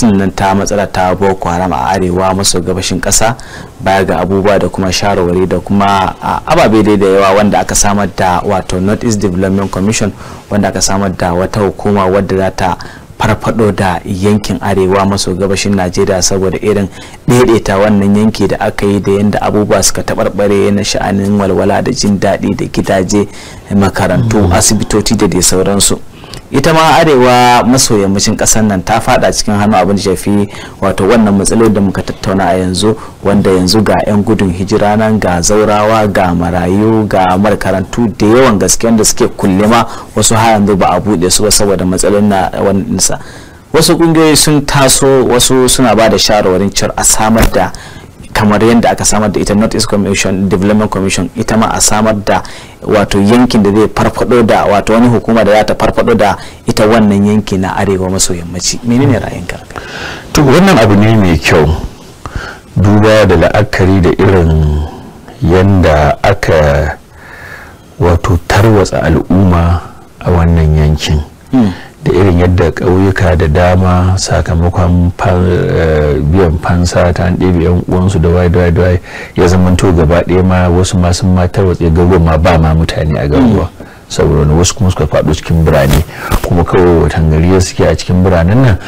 Speaker 1: nan ta matsala ta boko haram a arewa maso gabashin kasa baya ga abubuwa da kuma shawarwari da kuma ababe dai da yawa wanda aka samar da wato north east development commission wanda aka samar da wata hukuma wadda za ta farfado da yankin arewa maso gabashin najeriya saboda irin daidaita wannan yanki da aka yi da yadda abubuwa suka taɓarɓare na sha'anin walwala da jin daɗi da gidaje makarantu mm. asibitoci da dai sauransu ita ma arewa maso yammacin kasar nan ta fada cikin hannu abin da shafi wato wannan matsalolin da muka tattauna a yanzu wanda yanzu ga 'yan gudun hijira nan ga zaurawa ga marayu ga markarantu da yawan gaske da suke kulle ma wasu har yanzu ba a buɗe su ba saboda matsalolin na wannan sa wasu kungiyoyi sun taso wasu suna ba da shawarwarin cewar a samar da kamar yadda aka samar da ita north east commission development commission ita ma a samar da wato yankin da zai farfado da wato wani hukuma da za ta farfado da ita wannan yanki na arewa maso yammaci menene ra'ayinka
Speaker 2: to wannan abu ne mai kyau duba da la'akari da irin yanda aka wato tarwatsa al'umma a wannan yankin hmm. da irin yadda ƙauyuka da dama sakamakon eh, biyan fansa ta an ɗebe yan uwansu da wai da wai ya zamanto gaba ɗaya ma wasu ma sun ma gaggo ma ba ma mutane a gaggo mm. saboda wani wasu kuma suka faɗo cikin birane kuma kawai watan gari suke a cikin biranen nan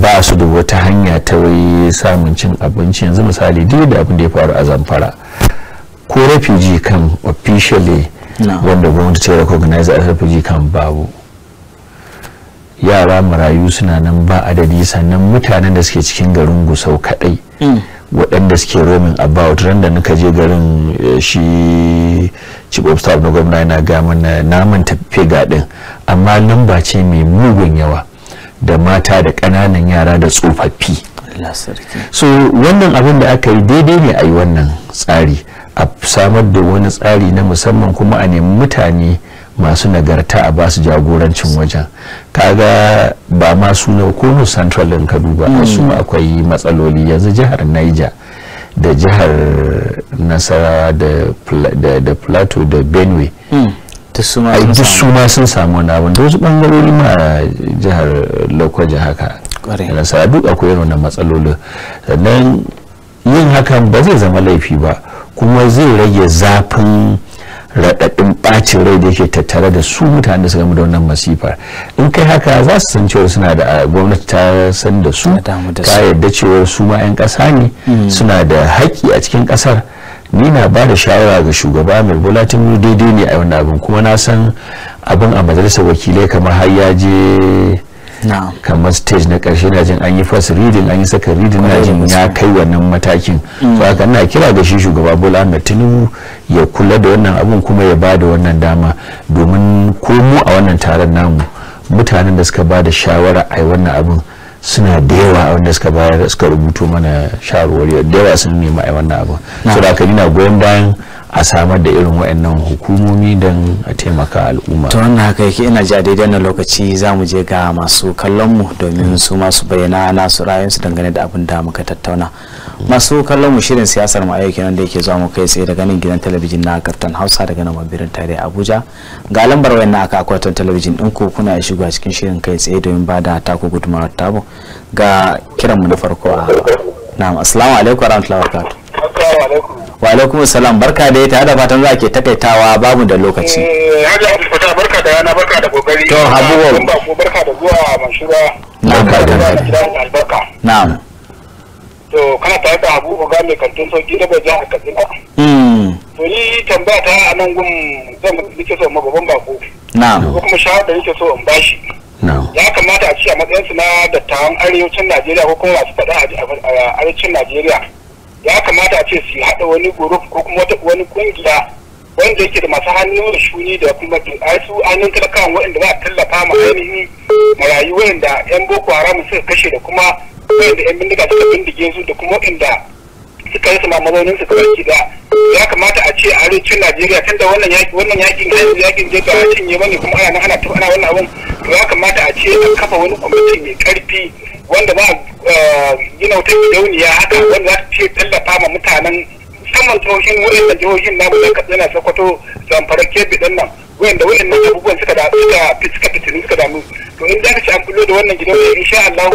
Speaker 2: ba su da wata hanya ta wai samun cin abinci yanzu misali dai da abin da ya faru a zamfara ko refugee kan officially wanda gwamnati ta recognize a refugee kan babu yara marayu suna nan ba adadi sannan mutanen da suke cikin garin gusau kadai hmm. waɗanda suke roaming about randa na nuka je garin eh, shi chief of staff na gwamna yana gama na naman tafi gaɗin amma nan ba ce mai mugun yawa da mata da ƙananan yara da tsofaffi so wannan abin da aka yi daidai ne a yi wannan tsari a samar da wani tsari na musamman kuma a nemi mutane masu nagarta a basu jagorancin wajen ga ba ma suna kono central din Kadu ba. su mm. akwai matsaloli yanzu jihar niger da jihar nasarawa da plateau da benue mm. duk su ma sun samu na wanda wasu bangarori ma jihar lokwaje haka nasara duk akwai irin matsalolin sannan yin hakan ba zai zama laifi ba kuma zai rage zafin raɗaɗin ɓacin rai da yake tattare da su mutane da suka da wannan masifar in kai haka za su san cewa suna da gwamnati ta san da su ta yadda cewa su ma 'yan ƙasa ne hmm. suna da haƙƙi a cikin ƙasar ni na ba da shawara ga shugaba mai bulatin daidai ne a wannan abin kuma na san abin a majalisar wakilai kamar har ya je kamar stage na karshe na jin an yi first reading an yi second reading na jin ya kai wannan matakin to mm. haka na kira ga shi shugaba bola ahmed tinubu ya kula da wannan abun kuma ya bada wannan dama domin komo a wannan taron namu mutanen da suka da shawara a wannan abun suna da yawa wanda suka bayar suka rubuto mana shawarwari da yawa sun nema a wannan abun so da haka ina goyon bayan a samar da irin wa'annan hukumomi don a taimaka al'umma. ta wannan
Speaker 1: haka yake ina ji a daidai na lokaci za mu je ga masu kallonmu domin su masu bayyana nasu ra'ayinsu dangane da abin da muka tattauna masu kallonmu shirin siyasar mu nan da yake zuwa mu kai tsaye daga nan gidan talabijin na kaftan hausa daga nan birin tare abuja ga lambar wayan aka akwatin talabijin ɗin ku kuna shigo cikin shirin kai tsaye domin ba da taku gudumar tabo ga kiran mu na farko a na'am assalamu alaikum warahmatullahi wabarakatuh wa alaikum salam barka da ita da fatan za ke takaitawa babu da lokaci eh,
Speaker 5: hajji abu fata barka da yana barka da kokari to habuwa ba ko barka da zuwa mashura na barka da albarka na'am to kana tare ta Habu, ga mai kantin sauki da bai jihar katsina hmm. to ni tambaya ta a nan gun zan nake so magaban bako na'am ko kuma shawar da nake so in bashi ya kamata a ci a matsayinsu na dattawan arewacin najeriya ko kuma masu faɗa a arewacin najeriya ya kamata a ce su haɗa wani guruf ko kuma wani kungiya wanda yake da masu hannun da shuni da kuma a su hannun talakawan waɗanda za a tallafa ma ainihin marayu waɗanda yan boko haram suka kashe da kuma waɗanda yan bindiga suka bindige su da kuma waɗanda suka yi sama mazaunin su kawai gida ya kamata a ce a arewacin najeriya tun da wannan yaƙi wannan yakin yaƙin je ba cinye bane kuma ana ana ana wannan abun to ya kamata a ce a kafa wani kwamiti mai karfi wanda ba gina uh, wata gidauniya haka wanda za ta ce tallafa ma mutanen musamman wurin da jihohin namu da katsina sokoto zamfara kebbi ɗin nan wanda waɗannan abubuwan suka da suka suka fitinu suka damu to in da ka ci an kullo da wannan gidauniya insha Allah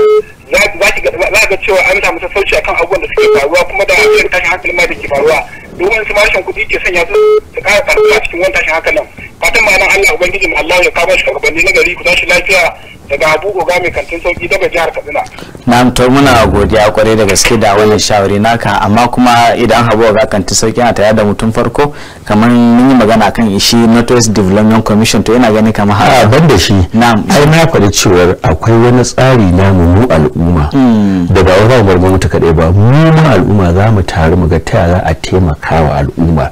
Speaker 5: za ki za ga cewa an samu sassauci akan abubuwan da suke faruwa kuma da irin tashin hankali ma da ke faruwa domin su mashin kuɗi ke sanya su su kara faruwa cikin wani tashin hankalin fatan ma nan Allah ubangijin Allah ya kawo shi ni na gari ku tashi lafiya daga abu ga mai kantin sauki daga jihar katsina
Speaker 1: na to muna godiya kwarai da gaske da wannan shawari naka amma kuma idan habu ga kantin sauki na tare da mutum farko kamar mun yi magana kan shi northwest development commission to yana gani kamar
Speaker 2: haka ah, ban da shi na'am ai na faɗi cewar akwai wani tsari na mu al'umma hmm. da ba wani mutu kaɗai kadai ba mu mu al'umma za mu taru mu ga ta za a taimaka al'umma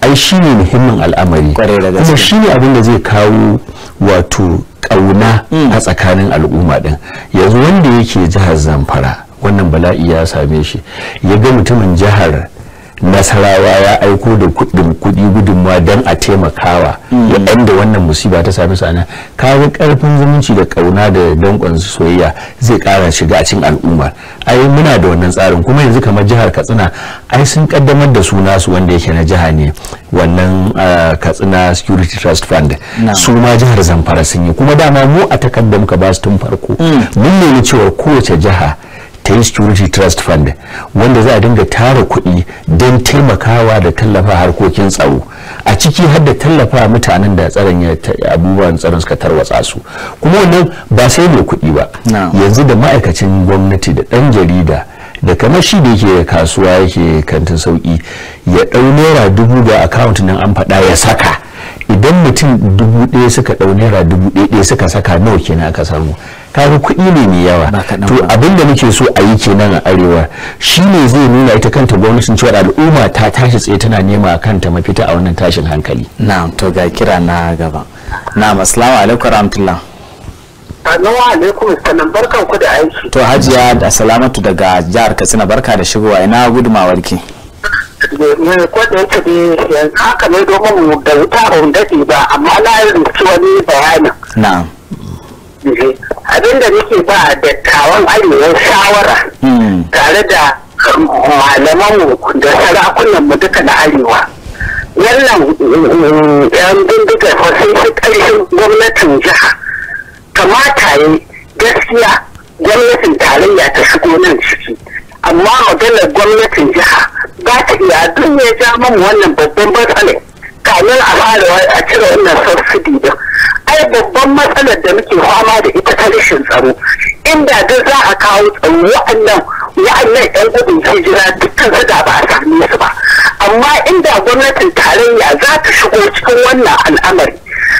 Speaker 2: ai shine muhimmin al'amari kuma shine abin da zai kawo wato kauna hmm. a tsakanin al'umma din yanzu wanda yake jihar zamfara wannan bala'i ya same shi ya ga mutumin jihar nasarawa ya aiko da kudin kudi gudunmuwa don a taimakawa waɗanda wannan musiba ta sami sana kawo karfin zumunci da kauna da dankon soyayya zai ƙara shiga cin al'umma ai muna da wannan tsarin kuma yanzu kamar jihar katsina ai sun kaddamar da suna su wanda yake na jiha ne wannan ah, katsina security trust fund su ma jihar zamfara sun yi kuma dama mu a takardar muka ba su tun farko mm. mun nemi cewa kowace jiha ta yi security trust fund wanda za a dinga tara kuɗi don taimakawa da tallafa harkokin tsaro a ciki har da tallafa mutanen da tsaron ya abubuwan tsaron suka tarwatsa su kuma wannan ba sai mai kuɗi ba yanzu da ma'aikacin gwamnati da ɗan jarida da kamar shi da yake kasuwa yake kantin sauki ya ɗau naira dubu da account nan an faɗa ya saka idan mutum dubu ɗaya suka ɗau naira dubu ɗaya suka saka nawa kenan aka samu kaga kuɗi ne mai yawa to abin da muke so a yi kenan a arewa shine zai nuna ita kanta gwamnatin cewa al'umma ta tashi tsaye tana nema kanta mafita a wannan tashin hankali na'am to
Speaker 1: ga kira na gaba na'am assalamu alaikum rahmatullah
Speaker 4: Salamu alaikum
Speaker 1: barkan ku da aiki to hajiya da salamatu daga jihar Katsina barka da shigowa ina gudumawar ki
Speaker 4: ne ko da yake dai yanzu haka ne domin mu da wuta ba mu daɗe ba amma na rubuci wani bayanin. Na'am. Eh, abin da nake ba dattawan arewa shawara hmm. tare da malamanmu da mu duka na arewa. Wannan eh, yan bindigar sun fi ƙarfin gwamnatin jiha kamata yi gaskiya gwamnatin tarayya ta shigo nan ciki amma maganar gwamnatin jiha za ka iya duk ya ja mamu wannan babban matsalar kamar a fara a cire wannan subsidy din ai babban matsalar da muke fama da ita ta rashin tsaro inda da za a kawo tsaro wa'annan wa'annan yan gudun hijira dukkan su da ba a same su ba amma inda gwamnatin tarayya za ta shigo cikin wannan al'amari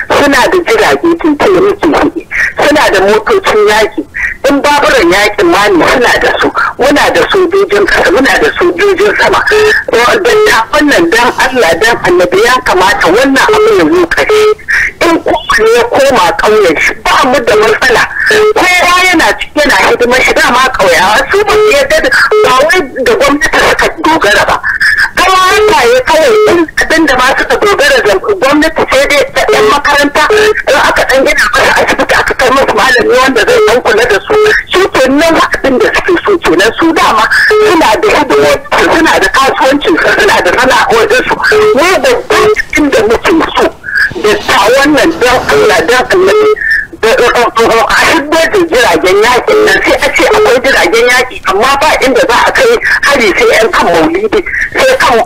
Speaker 4: suna da jirage tun muke suna da motocin yaki in baburan yakin ma muna da su muna da sojojin kasa muna da sojojin sama da ta wannan dan Allah dan annabi ya kamata wannan abu ya zo kashe in kowane ya koma ƙauyen shi ba mu da matsala kowa yana cikin yana hidimar shi ma kauyawa su ba su ga ba wai da gwamnati suka dogara ba kawai ya kawai in abin da ma suka dogara da gwamnati sai dai ta makaranta in aka ɗan gina masa asibiti aka kai masu malami wanda zai ɗan kula da su su shi kenan abin da suke so kenan su dama suna da hidimar suna da kasuwancin suna da sana'o'in su ne da duk inda muke so da ta wannan dan Allah dan Allah a da jiragen yaƙi nan sai a ce akwai jiragen yaƙi amma ba inda za a kai hari sai yan kan maulidi sai kan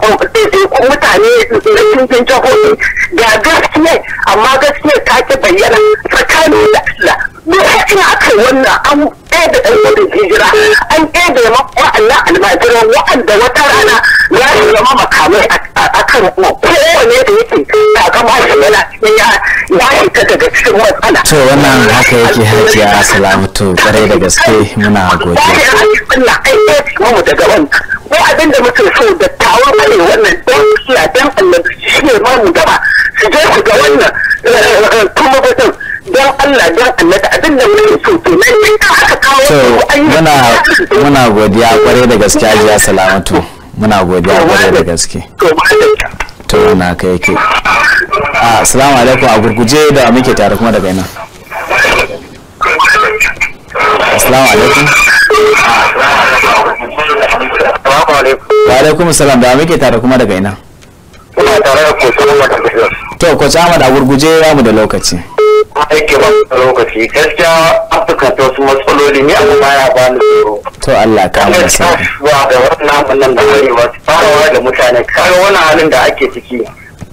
Speaker 4: mutane rikin jihohi ga gaskiya amma gaskiya ta ki bayyana tsakanin da Allah. Duk aka yi wannan an ɗaya da ɗan gudun hijira an waɗanda wata rana za su zama makamai a kan kowane da yake kakama shi yana cikin ya fita daga cikin matsala.
Speaker 1: to wannan haka yake hajiya salamatu kwarai da gaske muna godiya.
Speaker 4: Allah ai ya cika mu daga wannan. Ko abin da muke so da tawon mai wannan don kiya don Allah shi ne ma mu gaba su je su ga wannan eh, eh, eh, kuma batun don Allah don Allah abin da muke so to nan ne aka kawo muna
Speaker 1: muna godiya kware da gaske ajiya salamatu muna godiya kware da gaske to na kai yake
Speaker 4: ah, assalamu alaikum a gurguje da muke
Speaker 1: tare kuma daga ina assalamu alaikum wa alaikum salam da muke tare kuma daga ina
Speaker 4: ina tare da kotu
Speaker 1: to kotu Ahmad a gurguje ya mu da lokaci
Speaker 4: aiki ba lokaci gaskiya afirka ta wasu matsaloli ne abu baya ya bani tsoro
Speaker 1: to Allah ka mu
Speaker 4: sa ba da wannan nan da arewa farawa da mutane kaga wani halin da ake ciki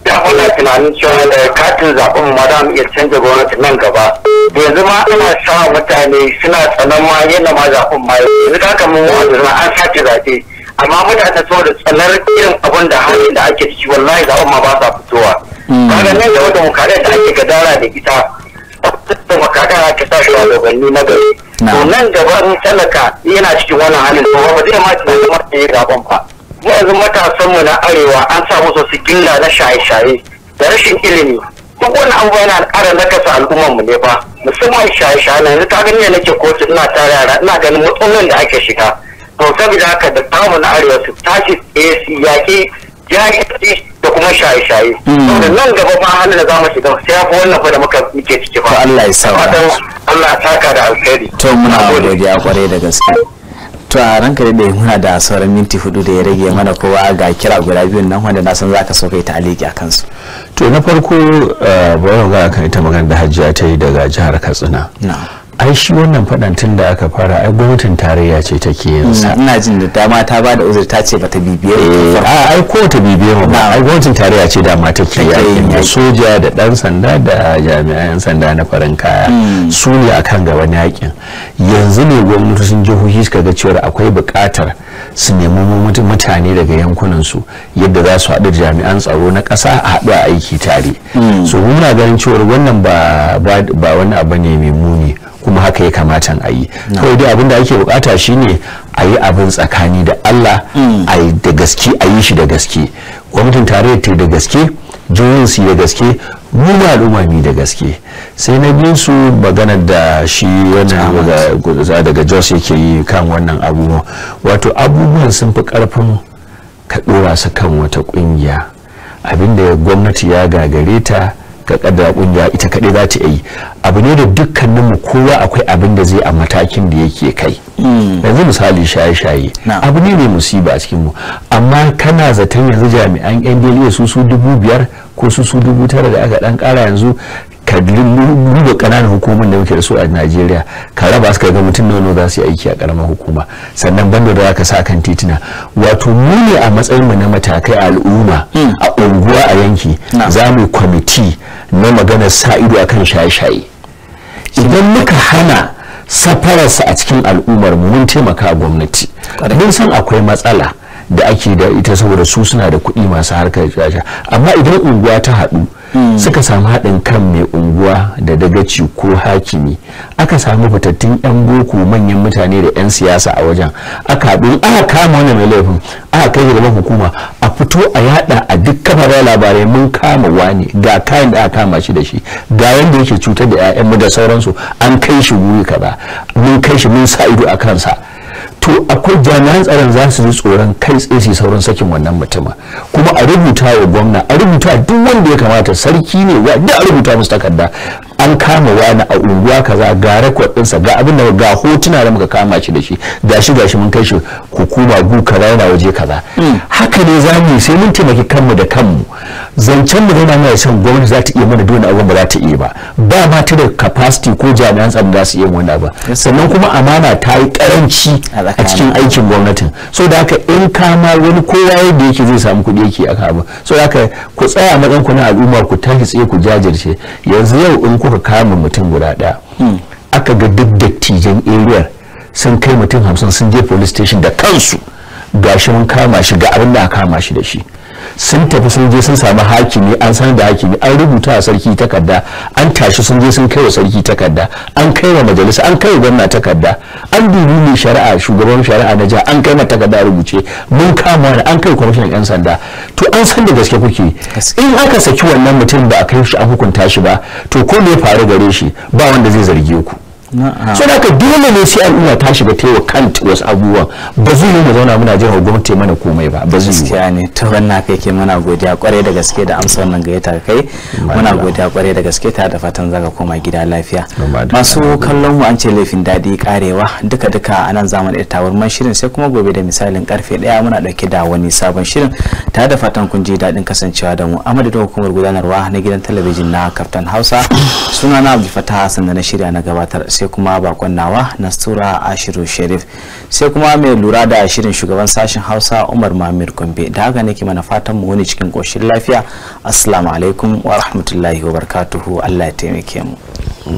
Speaker 4: da wannan tunanin cewa da katin zaɓen ma za mu iya canza gwamnati nan gaba yanzu ma ana sa mutane suna tsanan ma yana ma zaɓen ma yanzu da haka mun wa'azu an sace zaɓe amma mutane saboda tsanar irin abin da halin da ake ciki wallahi zaɓen ma ba sa fitowa hmm. kaga nan da wata mukarai da ake gadara da ita da makakara ake sa shi a gabanni na gari to nan gaba talaka yana cikin wannan halin to ba zai ma tunanin mata yi gaban ba yanzu matasanmu na arewa an sa musu su gilla na shaye-shaye da rashin ilimi duk wani abu yana ƙara nakasa al'ummar mu ne ba musamman shaye-shaye na yanzu ta gani nake kotu ina tare yara ina ganin matsalolin da ake shiga to saboda haka da tamu na arewa su tashi tsaye su yaƙi jahilci da kuma shaye-shaye. Mm. nan gaba ba hannun da za mu shiga sai ya fi wannan fa da muka muke ciki ba. Allah ya sawa. Allah taka da alkhairi. To
Speaker 1: muna godiya kwarai da gaske. to a ranka da muna da sauran minti hudu da ya rage
Speaker 2: mana kowa ga kira guda biyun nan wanda na san za ka sauka ta aliki a kansu to na farko eh, bayan ga kan ita magana da hajjiya ta yi daga jihar katsina ai shi wannan faɗan tun da aka fara ai gwamnatin tarayya ce take yin hmm, sa ina jin da dama ta ba da uzur ta ce bata bibiye eh, a ai ko ta bibiye ba ai gwamnatin tarayya ce dama ke yakin soja da dan sanda da jami'an sanda na farin kaya hmm. su ne akan gaban yakin yanzu ne gwamnatocin jihohi suka ga cewa akwai buƙatar su nemi mutane daga yankunan su yadda za su haɗu jami'an tsaro na ƙasa a haɗu a aiki tare hmm. so muna ganin cewa wannan ba wani abu ne mai muni kuma haka ya kamata a yi kawai dai abin da ake bukata shine a yi abin tsakani da Allah mm. a yi da gaske a yi shi da gaske gwamnatin tarayya ta da gaske jirgin su da gaske mu ma al'umma mi da gaske sai na bin su magana da shi wannan daga Jos yake yi kan wannan abu wato abubuwan sun fi karfin ka dora su kan wata kungiya abinda gwamnati ya gagare ta ka kaddara kungiya ita kaɗai za ta yi abu ne da dukkanin mu kowa akwai abin da zai a matakin da yake kai hmm. yanzu misali shaye-shaye abu ne ne musiba a cikin mu amma kana zaton yanzu jami'an yan su su dubu biyar ko su su dubu tara da aka dan kara yanzu ka duba kananan hukumar da muke da su a najeriya ka raba su ga mutum nono za su yi aiki a karamar hukuma sannan banda da ka sa kan titina wato mu ne a matsayin mu na matakai a al'umma hmm. a unguwa a yanki za mu kwamiti na magana sa ido akan shaye-shaye idan muka hana safararsa a cikin al'ummar mu mun taimaka a gwamnati mun san akwai matsala da ake da ita saboda su suna da kuɗi masu harkar shaye-shaye amma idan unguwa ta haɗu Hmm. suka samu haɗin kan mai unguwa da dagaci ko hakimi aka samu fitattun 'yan boko manyan mutane da 'yan siyasa a wajen aka haɗu aka kama wani mai laifin a kai gaban hukuma a fito a yada a duk kafafen labarai mun kama wani ga kayan da aka kama shi da shi ga yanda yake cutar da 'ya'yanmu da sauransu an kai shi wuri kaza mun kai shi mun sa ido a kansa to akwai jami'an tsaron za su ji tsoron kai tsaye su sauran sakin wannan mutumin kuma a rubuta wa gwamna a rubuta duk wanda ya kamata sarki ne wa duk a rubuta musu takarda an kama wani a unguwa kaza ga record ɗinsa ga abin da ga hotuna da muka kama shi da shi gashi gashi mun kai shi hukuma gu kaza yana waje kaza hmm. haka ne za mu sai mun taimaki kanmu da kanmu zancen mu zama mai son gwamnati za ta iya mana dole abin ba za ta iya ba ba ma ta da capacity ko jami'an tsaron za su iya wani ba sannan kuma amana ta yi karanci a cikin aikin gwamnatin so da haka in kama wani kowa yadda yake zai samu kuɗi yake aka kama so da haka ku tsaya matsan ku na al'umma ku tashi tsaye ku jajirce yanzu yau in kuka kama mutum guda ɗaya hmm. aka ga duk dattijan eriyar sun kai mutum hamsin sun je police station da kansu gashi mun kama shi ga abin da aka kama shi da shi sun tafi sun je sun samu hakimi an san da hakimi an rubuta a sarki takarda an tashi sun je sun kai wa sarki takarda an kai wa majalisa an kai wa gwamna takarda an dubi mai shari'a shugaban shari'a na jiha an kai ma takarda rubuce mun kama wani an kai kwamishinan yan sanda to an san da gaske kuke in aka saki wannan mutum ba a kai shi a hukunta shi ba to ko me faru gare shi ba wanda zai zarge ku
Speaker 3: so da ka
Speaker 2: dole ne sai an ta tashi ba tewa kant wasu abubuwa ba zai yi mu zauna muna jiran gwamnati mana komai ba
Speaker 1: ba zai yi gaskiya ne to wannan kai ke muna godiya kwarai da gaske da amsa wannan gayyata kai muna godiya kwarai da gaske ta da fatan zaka koma gida lafiya masu kallon mu an ce laifin daɗi karewa duka duka a nan zamu da man shirin sai kuma gobe da misalin karfe daya muna dauke da wani sabon shirin ta da fatan kun ji daɗin kasancewa da mu a madadin hukumar gudanarwa na gidan talabijin na kaftan hausa sunana abdulfatah fatah sannan na shirya na gabatar sai kuma bakon nawa nastura ashiru sharif sai kuma mai lura da shirin shugaban sashen hausa umar mamir gombe da haka nake mana fatan mu wani cikin koshin lafiya assalamu alaikum wa rahmatullahi wa barakatuhu allah ya taimake mu